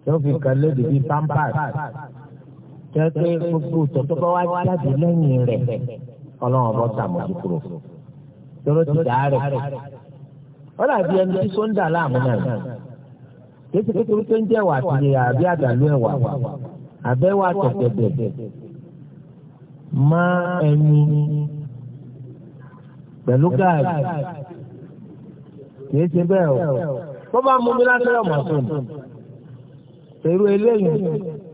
yóò fi kan léde bíi pampas jẹ́ gbogbo ìtọ̀ tó bá wá jáde lẹ́yìn rẹ̀ ọlọ́run ọ̀bọ̀ tàmójú kúrò tó ló ti dà á rẹ̀ wọ́n dàbí ẹni tí sóńdà láàmú náà kéṣe kékeré tó ń jẹ́ wà tìyẹ àbí àdàlú ẹ̀wà àbẹ́wà tẹ̀tẹ̀tẹ̀ má ẹni pẹ̀lú gáàrí kéṣe bẹ́ẹ̀ o bó bá mú mi lásìrò mọ̀tò èrú eléyìí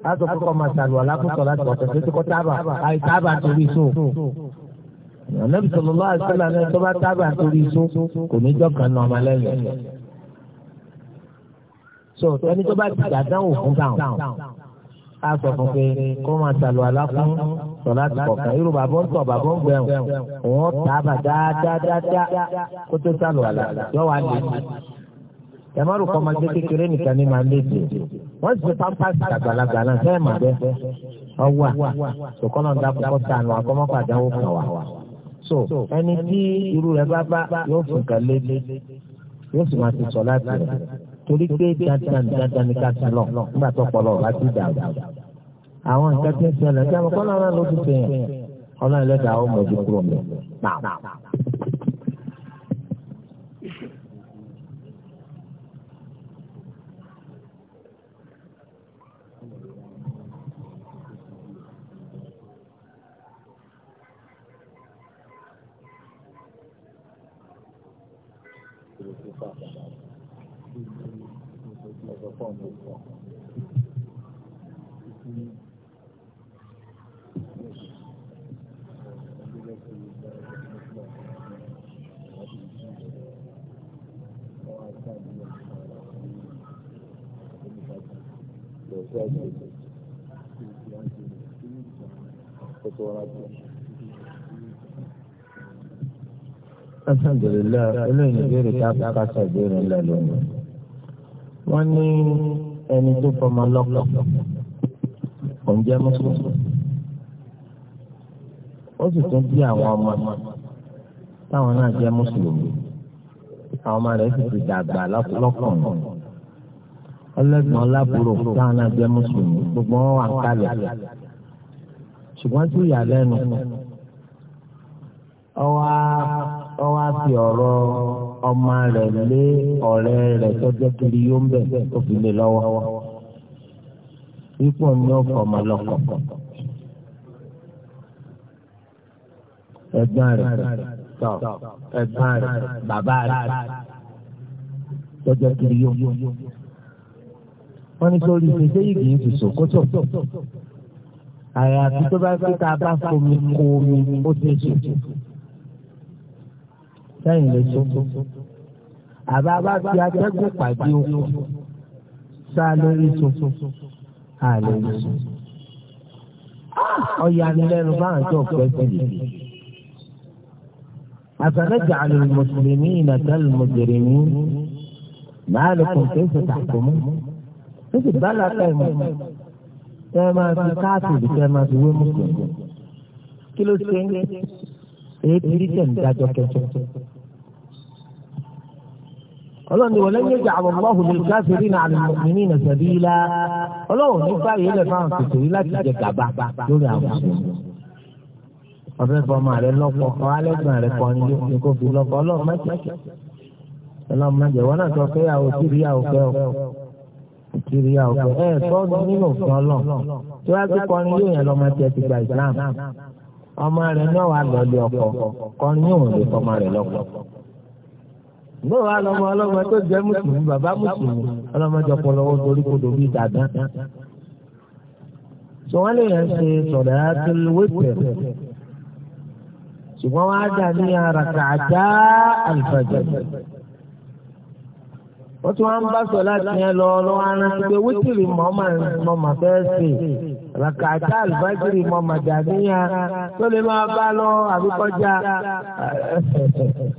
látọ̀ kọ́kọ́ máa ṣàlùwà lákòókò láti ọ̀tẹ̀ tó ti kọ́ tábà àìtábà torí sóò ànábì sallallahu alaihi wasallam náà tó bá tábà torí iṣó kò ní jọ́kan náà ọmọ lẹ́yìn. so ẹni tó bá ti gbàdánwò fún báwọn á sọ fún pé kó máa sàlù aláfún sọlá ti kọ̀ọ̀kan irú bàbá ń tọ̀ bàbá ń gbẹ̀hùn òun tábà dáadáa kó tó sàlù àlà yọ wà lè ní ẹ̀mọ́rù kọ́ máa gbé kékeré nìkan ní máa léde wọ́n sì fi pampasì àgbàlagbà náà sẹ́ẹ̀ mà bẹ́ẹ̀ ọwọ́ àkókò náà dákúkọ́ sànù àkọ́mọ́pàdánwò kan wà so ẹni tí irú rẹ̀ bá bá yóò fún kan lébi yóò sì máa ti sọ láti rẹ̀ torí pé dandan dandan ni ká ti lọ nígbà tó pọlọ láti dà o. àwọn nǹkan tí ń ṣẹlẹ̀ tí àwọn kọ́lá náà ló ti fẹ̀yàn ọlọ́run lẹ́dàá ó mọ̀ ojú kúrò mi. alhamdulillah eléyìí ìbéèrè tá a bá ká sọ ìbéèrè ńlẹ lónìí wọ́n ní ẹni tó fọmọ lọ́kọ kò ń jẹ́ mùsùlùmí ó sì tún bí àwọn ọmọ táwọn náà jẹ́ mùsùlùmí àwọn ọmọ rẹ̀ sì ti dàgbà lọ́kùnrin ọlẹ́gbọ̀n lábúrò táwọn náà jẹ́ mùsùlùmí gbogbo wọn wà kálẹ̀ ṣùgbọ́n tí ìyàlẹ́nu ọwọ́ á ọ wá fi ọ̀rọ̀ ọmọ rẹ̀ lé ọ̀rẹ́ rẹ̀ tọ́jọ́ kiri yóò ń bẹ̀ tó fi lè lọ́wọ́ ipò ní ọkọ̀ ọmọ lọ́kọ̀ ẹ̀gbọ́n rẹ̀ tọ́ ẹ̀gbọ́n rẹ̀ bàbá rẹ̀ tọ́jọ́ kiri yóò wọ́n ní sórí ìṣẹ́jẹ́ yìí kì í fi sòkótò àyàfi tó bá fi ta bá fomi kó omi ó ti sòkòtò sẹ́yìn lè so àbá bá fi atẹ́gùn pàdé okùn sá lórí so àlè so ọ̀yanilẹ́nu bá àjọ pẹ́ sílẹ̀. أفنجعل المسلمين كالمجرمين ما لكم كيف تحكمون níbi ìbálà pẹ̀lú ẹ máa fi káàkiri kẹ máa fi wé mùsùlùmí kí ló ṣe ń gbé èyí ti rí tẹ̀ ń dájọ́ kẹjọ ọlọ́run ni wọ́n lẹ́yìn ìjà àwọn ọlọ́hùn ní káfíìrì náà ní mọ̀mìnì náà sẹ̀bí ilá ọlọ́run ní báyìí ilẹ̀ fáwọn kòtò yìí láti jẹ gàba lórí àwọn mùsùlùmí. ọ̀fẹ́ fọmọ rẹ lọ́kọ ọ̀hálẹ́gbọ̀n rẹ kọ́ ni ní kò fi lọ́kọ ọlọ́run má jẹ́ ọlọ́run má jẹ́ wọ́n náà sọ pé àwọn òkìrì àwọn fẹ́ ọ kiri àwọn ọ̀fẹ́ ẹ̀ tọ́ nínú òfin ọlọ́run tí wọ́n á ti kọrin bó wa lọmọ ọlọmọ tó jẹ mùsùlùmí bàbá mùsùlùmí ọlọmọdé ọpọlọwọ torí kodò bíi dàdán. sọ wọn lè yẹn ṣe sọ̀rọ̀ ẹ̀ tó lówó tẹ̀rẹ̀ ṣùgbọ́n wọn á dà ní araka àjá àlùfàjẹ́ wọ́n tún wá bá sọ láti yẹn lọ lọ́wọ́ aránsẹ́ pé wítìrì mọ́ máa ń mọ́ máa fẹ́ ṣe ràkàtà àlùfáàjìrì mọ màdàníyà tó lè máa bá lọ àbíkọjá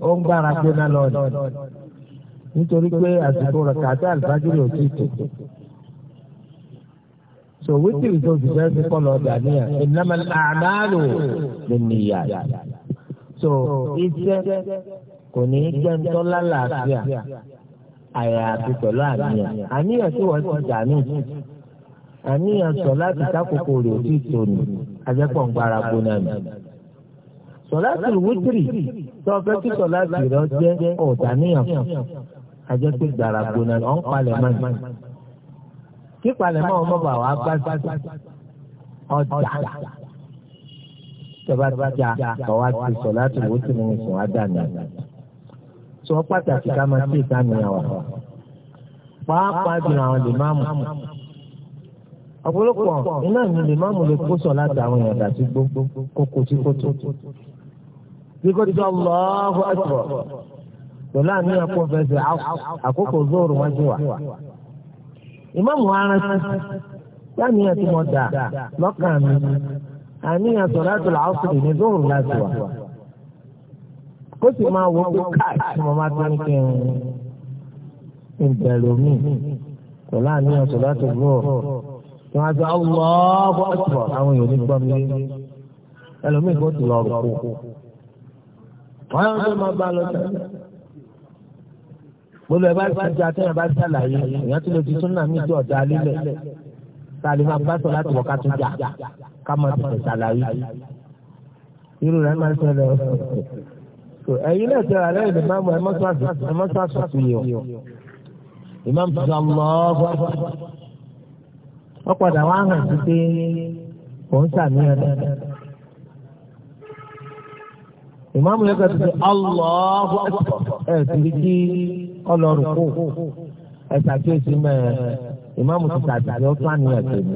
ó ń gbára gbéná lọ nítorí pé àsìkò ràkàtà àlùfáàjìrì ò tí tó so wítìrì tó ti fẹ́ fi kọ́lọ̀ dàníyà innamal a'malu binniyat so iṣẹ́ kò ní í jẹ́ ńtọ́lá làásìá àyàfi pẹ̀lú àníyàn àníyàn tí wọ́n ti dà ní ìsìn àníyàn sọ láti sákòókò rẹ̀ òtí tòní ajẹ́pọ̀ ń gbára gbóná mi. sọ̀láàtì wítìrì tó fẹ́ kí sọ̀láàtì rẹ̀ jẹ́ ọ̀dàníyàn ajẹ́pẹ́ gbára gbóná mi ọ̀ ń palẹ̀ mọ́ ni. kí palẹ̀ mọ́ ọmọ bà wá bá ọjà tọ́ba ti ja ọ̀wá ti sọ̀láàtì wítìrì ní sùn ádàmì. sọ pàtàkì ká máa ṣe ìdánìyàn wà. pàápàá jùlọ àwọn lè má mú ọ̀pọ̀lọpọ̀ iná ni lè má mú lè kó sọ láti àwọn èèyàn dàtí gbogbo kókó tí kò tó. kíkó tí Allahu Akbar pẹ̀lú àníyàn kó fẹsẹ̀ àkókò zóòrù wọn ti wà. ìmáàmù ara sí láníyàn tí mo dà lọ́kàn mi àníyàn sọ̀rọ̀ àwòsàn ní zóòrù láti wà. kó sì máa wọ pé káàkiri mo máa tán kí n ìbẹ̀rù mi pẹ̀lú àníyàn sọ̀rọ̀ àti zóòrù wọn á sọ ọlọ́ọ̀kọ́ ẹ̀tọ́ àwọn èèyàn ní gbọ́ mi lé ẹlòmíì kò tó lọ rò kó wọn yóò tó máa bá lọ tẹ́lẹ̀ gbogbo ẹ bá ti di atẹ́yìn bá ṣàlàyé èèyàn tó lè fi súnà mí jọ ọ̀dà lílẹ̀ sàlẹ̀ máa bá sọ láti wọ̀ ká tó jà ká máa tètè ṣàlàyé irú rẹ̀ máa ń ṣẹlẹ̀ ọ̀sẹ̀ ẹ̀yin náà tẹ̀ra lẹ́yìn ìmáàmù ẹ̀ mọ́sọ́ àṣàṣù yìí o ìmáàmù wọ́n padà wá hàn sí pé òun sàmì ẹ̀rọ. ìmáàmù yẹn kàtó ṣe Allahu Akbar ẹ̀ kiri kí ọlọ́run kù ẹ̀ ṣàkíyèsí mẹ́ ẹ̀ ìmáàmù ti ṣàtàlẹ́ ó tún àníyàn tó ní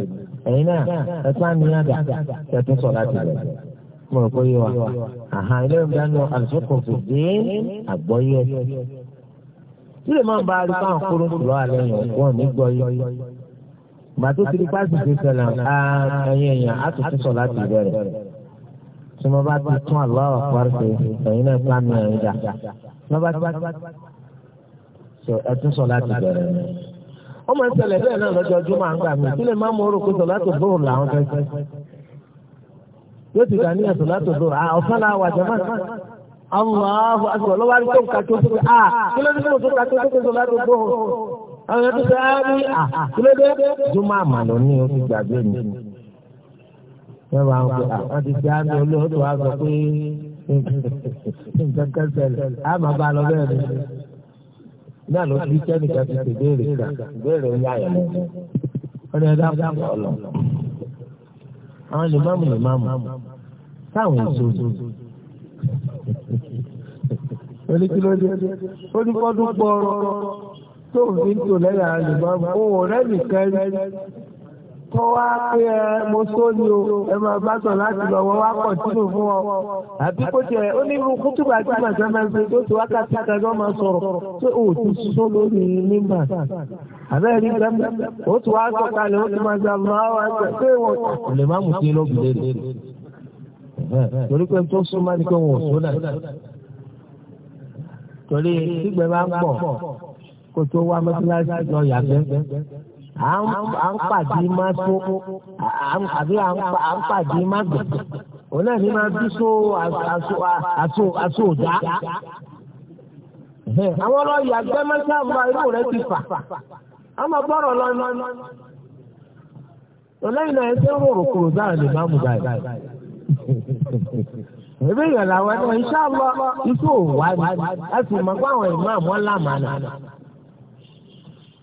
ẹ̀yin náà ẹ̀ tún àníyàn dà kẹ̀tún sọ̀rọ̀ àti rẹ̀ mo rò pé yé wa àhàn ilé ìgbà náà àlùfókò kò dé àgbọ̀yé tí lè máa ń bá arúgbó àwọn kúrò tùlọ́ àlẹ́ yẹn wọ́n ní gbọ́yé gbàtó tiri pàṣẹ ti sọlá ẹ̀yin èèyàn á tún tún sọ láti bẹ̀rẹ̀ tí mo bá ti tún àlọ́wọ̀ pàṣẹ ẹ̀yin náà pa mi ẹ̀yin dà lọ́ bá ti ẹ tún sọ láti bẹ̀rẹ̀ ó máa ń ṣẹlẹ̀ bẹ́ẹ̀ náà lọ́jọ́ Jímọ̀ àgbà mi kí lè má mú orúkọ sọ láti bóun làwọn fẹ́ fẹ́ yóò ti dà ní ẹ̀sọ̀ láti bóun ọ̀sán làwọn àjẹmọ́ Allahu akbar lọ́wọ́ àti tó ń ka tó tó a kí ló dé tó tó ka tó tó tó láti bóun àwọn ẹbí sọ á ah, ní àkúlẹ́dẹ́ ah, ah, jùmọ̀ àmàlò ní o ti gbàgbé mi. Yọ̀wọ̀ àwọn pé àwọn ti fi àmì olóòtú wa sọ pé nǹkan kan ṣẹlẹ̀ á máa bá a lọ bẹ́ẹ̀ ni. Náà ló fi kẹ́nìkan ti ṣèbéèrè kan, ìbéèrè ń yáyà lọ. Wọ́n ní ẹja fún ọ̀lọ́. Àwọn lèmọ́mù lèmọ́mù táwọn èso ni. Oníkìlódé, oníkọ́dún gbọ́ọ̀rọ̀ tó fi ń tò lẹ́yìn àlùbọ́ mo ò rẹ́mi rí tó wá pé ẹ mo sóni o ẹ máa bá sọ láti lọ wọ́n wá pọ̀ tínú fún ọ. àbí kó tiẹ̀ ó ní irú kútùbà tí màtá máa ń fi tó ti wákàtí kan tó sọ̀rọ̀ tó o ti sọ lórí nígbà. àbẹ́rẹ́ rí gbẹ́mú ó ti wá sọ kalẹ̀ o ti máa gba ọmọ àwọn àgbẹ̀ pé wọ́n. olè má mú sí lóbìnrin rẹ̀ torí pé tó súnmọ́ ni pé wọ́n ò sódà torí sígbẹ́ máa ń pọ̀. kó tó wá mọ́tíláṣí lọ yàgbẹ́ à ń pàdé má tó àbí à ń pàdé má òun náà ní máa bí ti fà àmọ́ bọ́rọ̀ lọ ní. lẹ́yìn náà ẹsẹ̀ ń rò kúrò lè mú ebe yàrá náà a sì mọ̀ pé àwọn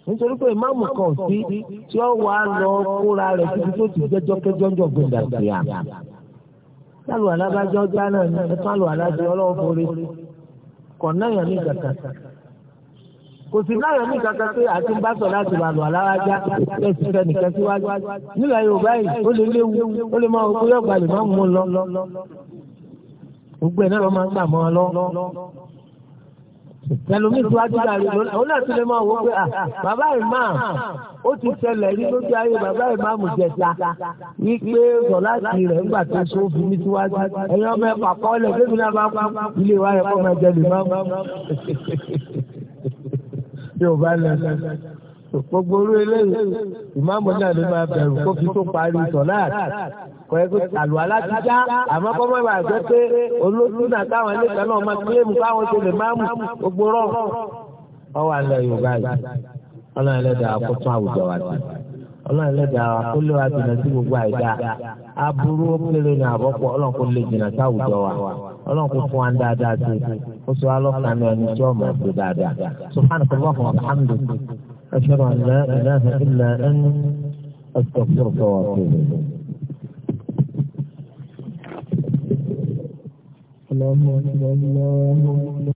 nítorí pé ìmáàmù kan sí tí ó wàá lọ kóra rẹ̀ títí tó ti jẹ́jọ́ kẹjọ́ ń jọ gbẹ̀dà sí à. sálù alábàjọ́ já náà ní ẹ̀ka lù alájọ ọlọ́wọ́ forí kọ̀ náà yàn ní kàkà. kò sí náà yàn ní kàkà pé àti bá sọ láti wà lù alábàjá lẹ́sìn fẹ́nìkan síwájú. nílẹ̀ Yorùbá yìí ó lè léwu ó lè máa kó yọ̀gbà lè má mú un lọ. gbogbo ẹ̀ náà lọ́ máa ń gbà mọ́ ọ lọ́ ẹlòmí síwájú dàrí lónìí àwọn náà tún lè máa wọ ah, bàbá ìmáà ó ti ṣẹlẹ̀ rí lójú ayé bàbá ìmáàmù jẹta wípé sọláàtì rẹ̀ ńgbà tó so fún síwájú ẹ̀yin ọmọ ẹ̀kọ́ àkọọ́lẹ̀ bébí náà bá kú ilé wa ẹ̀kọ́ máa jẹ lè máa mú. *laughs* yóò bá lọ gbogbo orú eléyìí ìmáàmù náà ló máa bẹ̀rù kó fi tó parí sọ̀lá kọ́ ẹ pé àlù alájíjá àmọ́ kọ́mọ́ ìwà àgbẹ̀ pé olóṣù náà náà máa káwọn ṣe lè gbogbo rọ̀ yorùbá yìí àwùjọ wa wa jìnnà sí gbogbo aburú péré ní àbọ̀pọ̀ kò lè jìnnà sí àwùjọ wa kò fún wa ń dáadáa sí i sọ alọ́kànnì ẹni أشهد أن لا إله إلا أن أستغفرك وأتوب اللهم صل على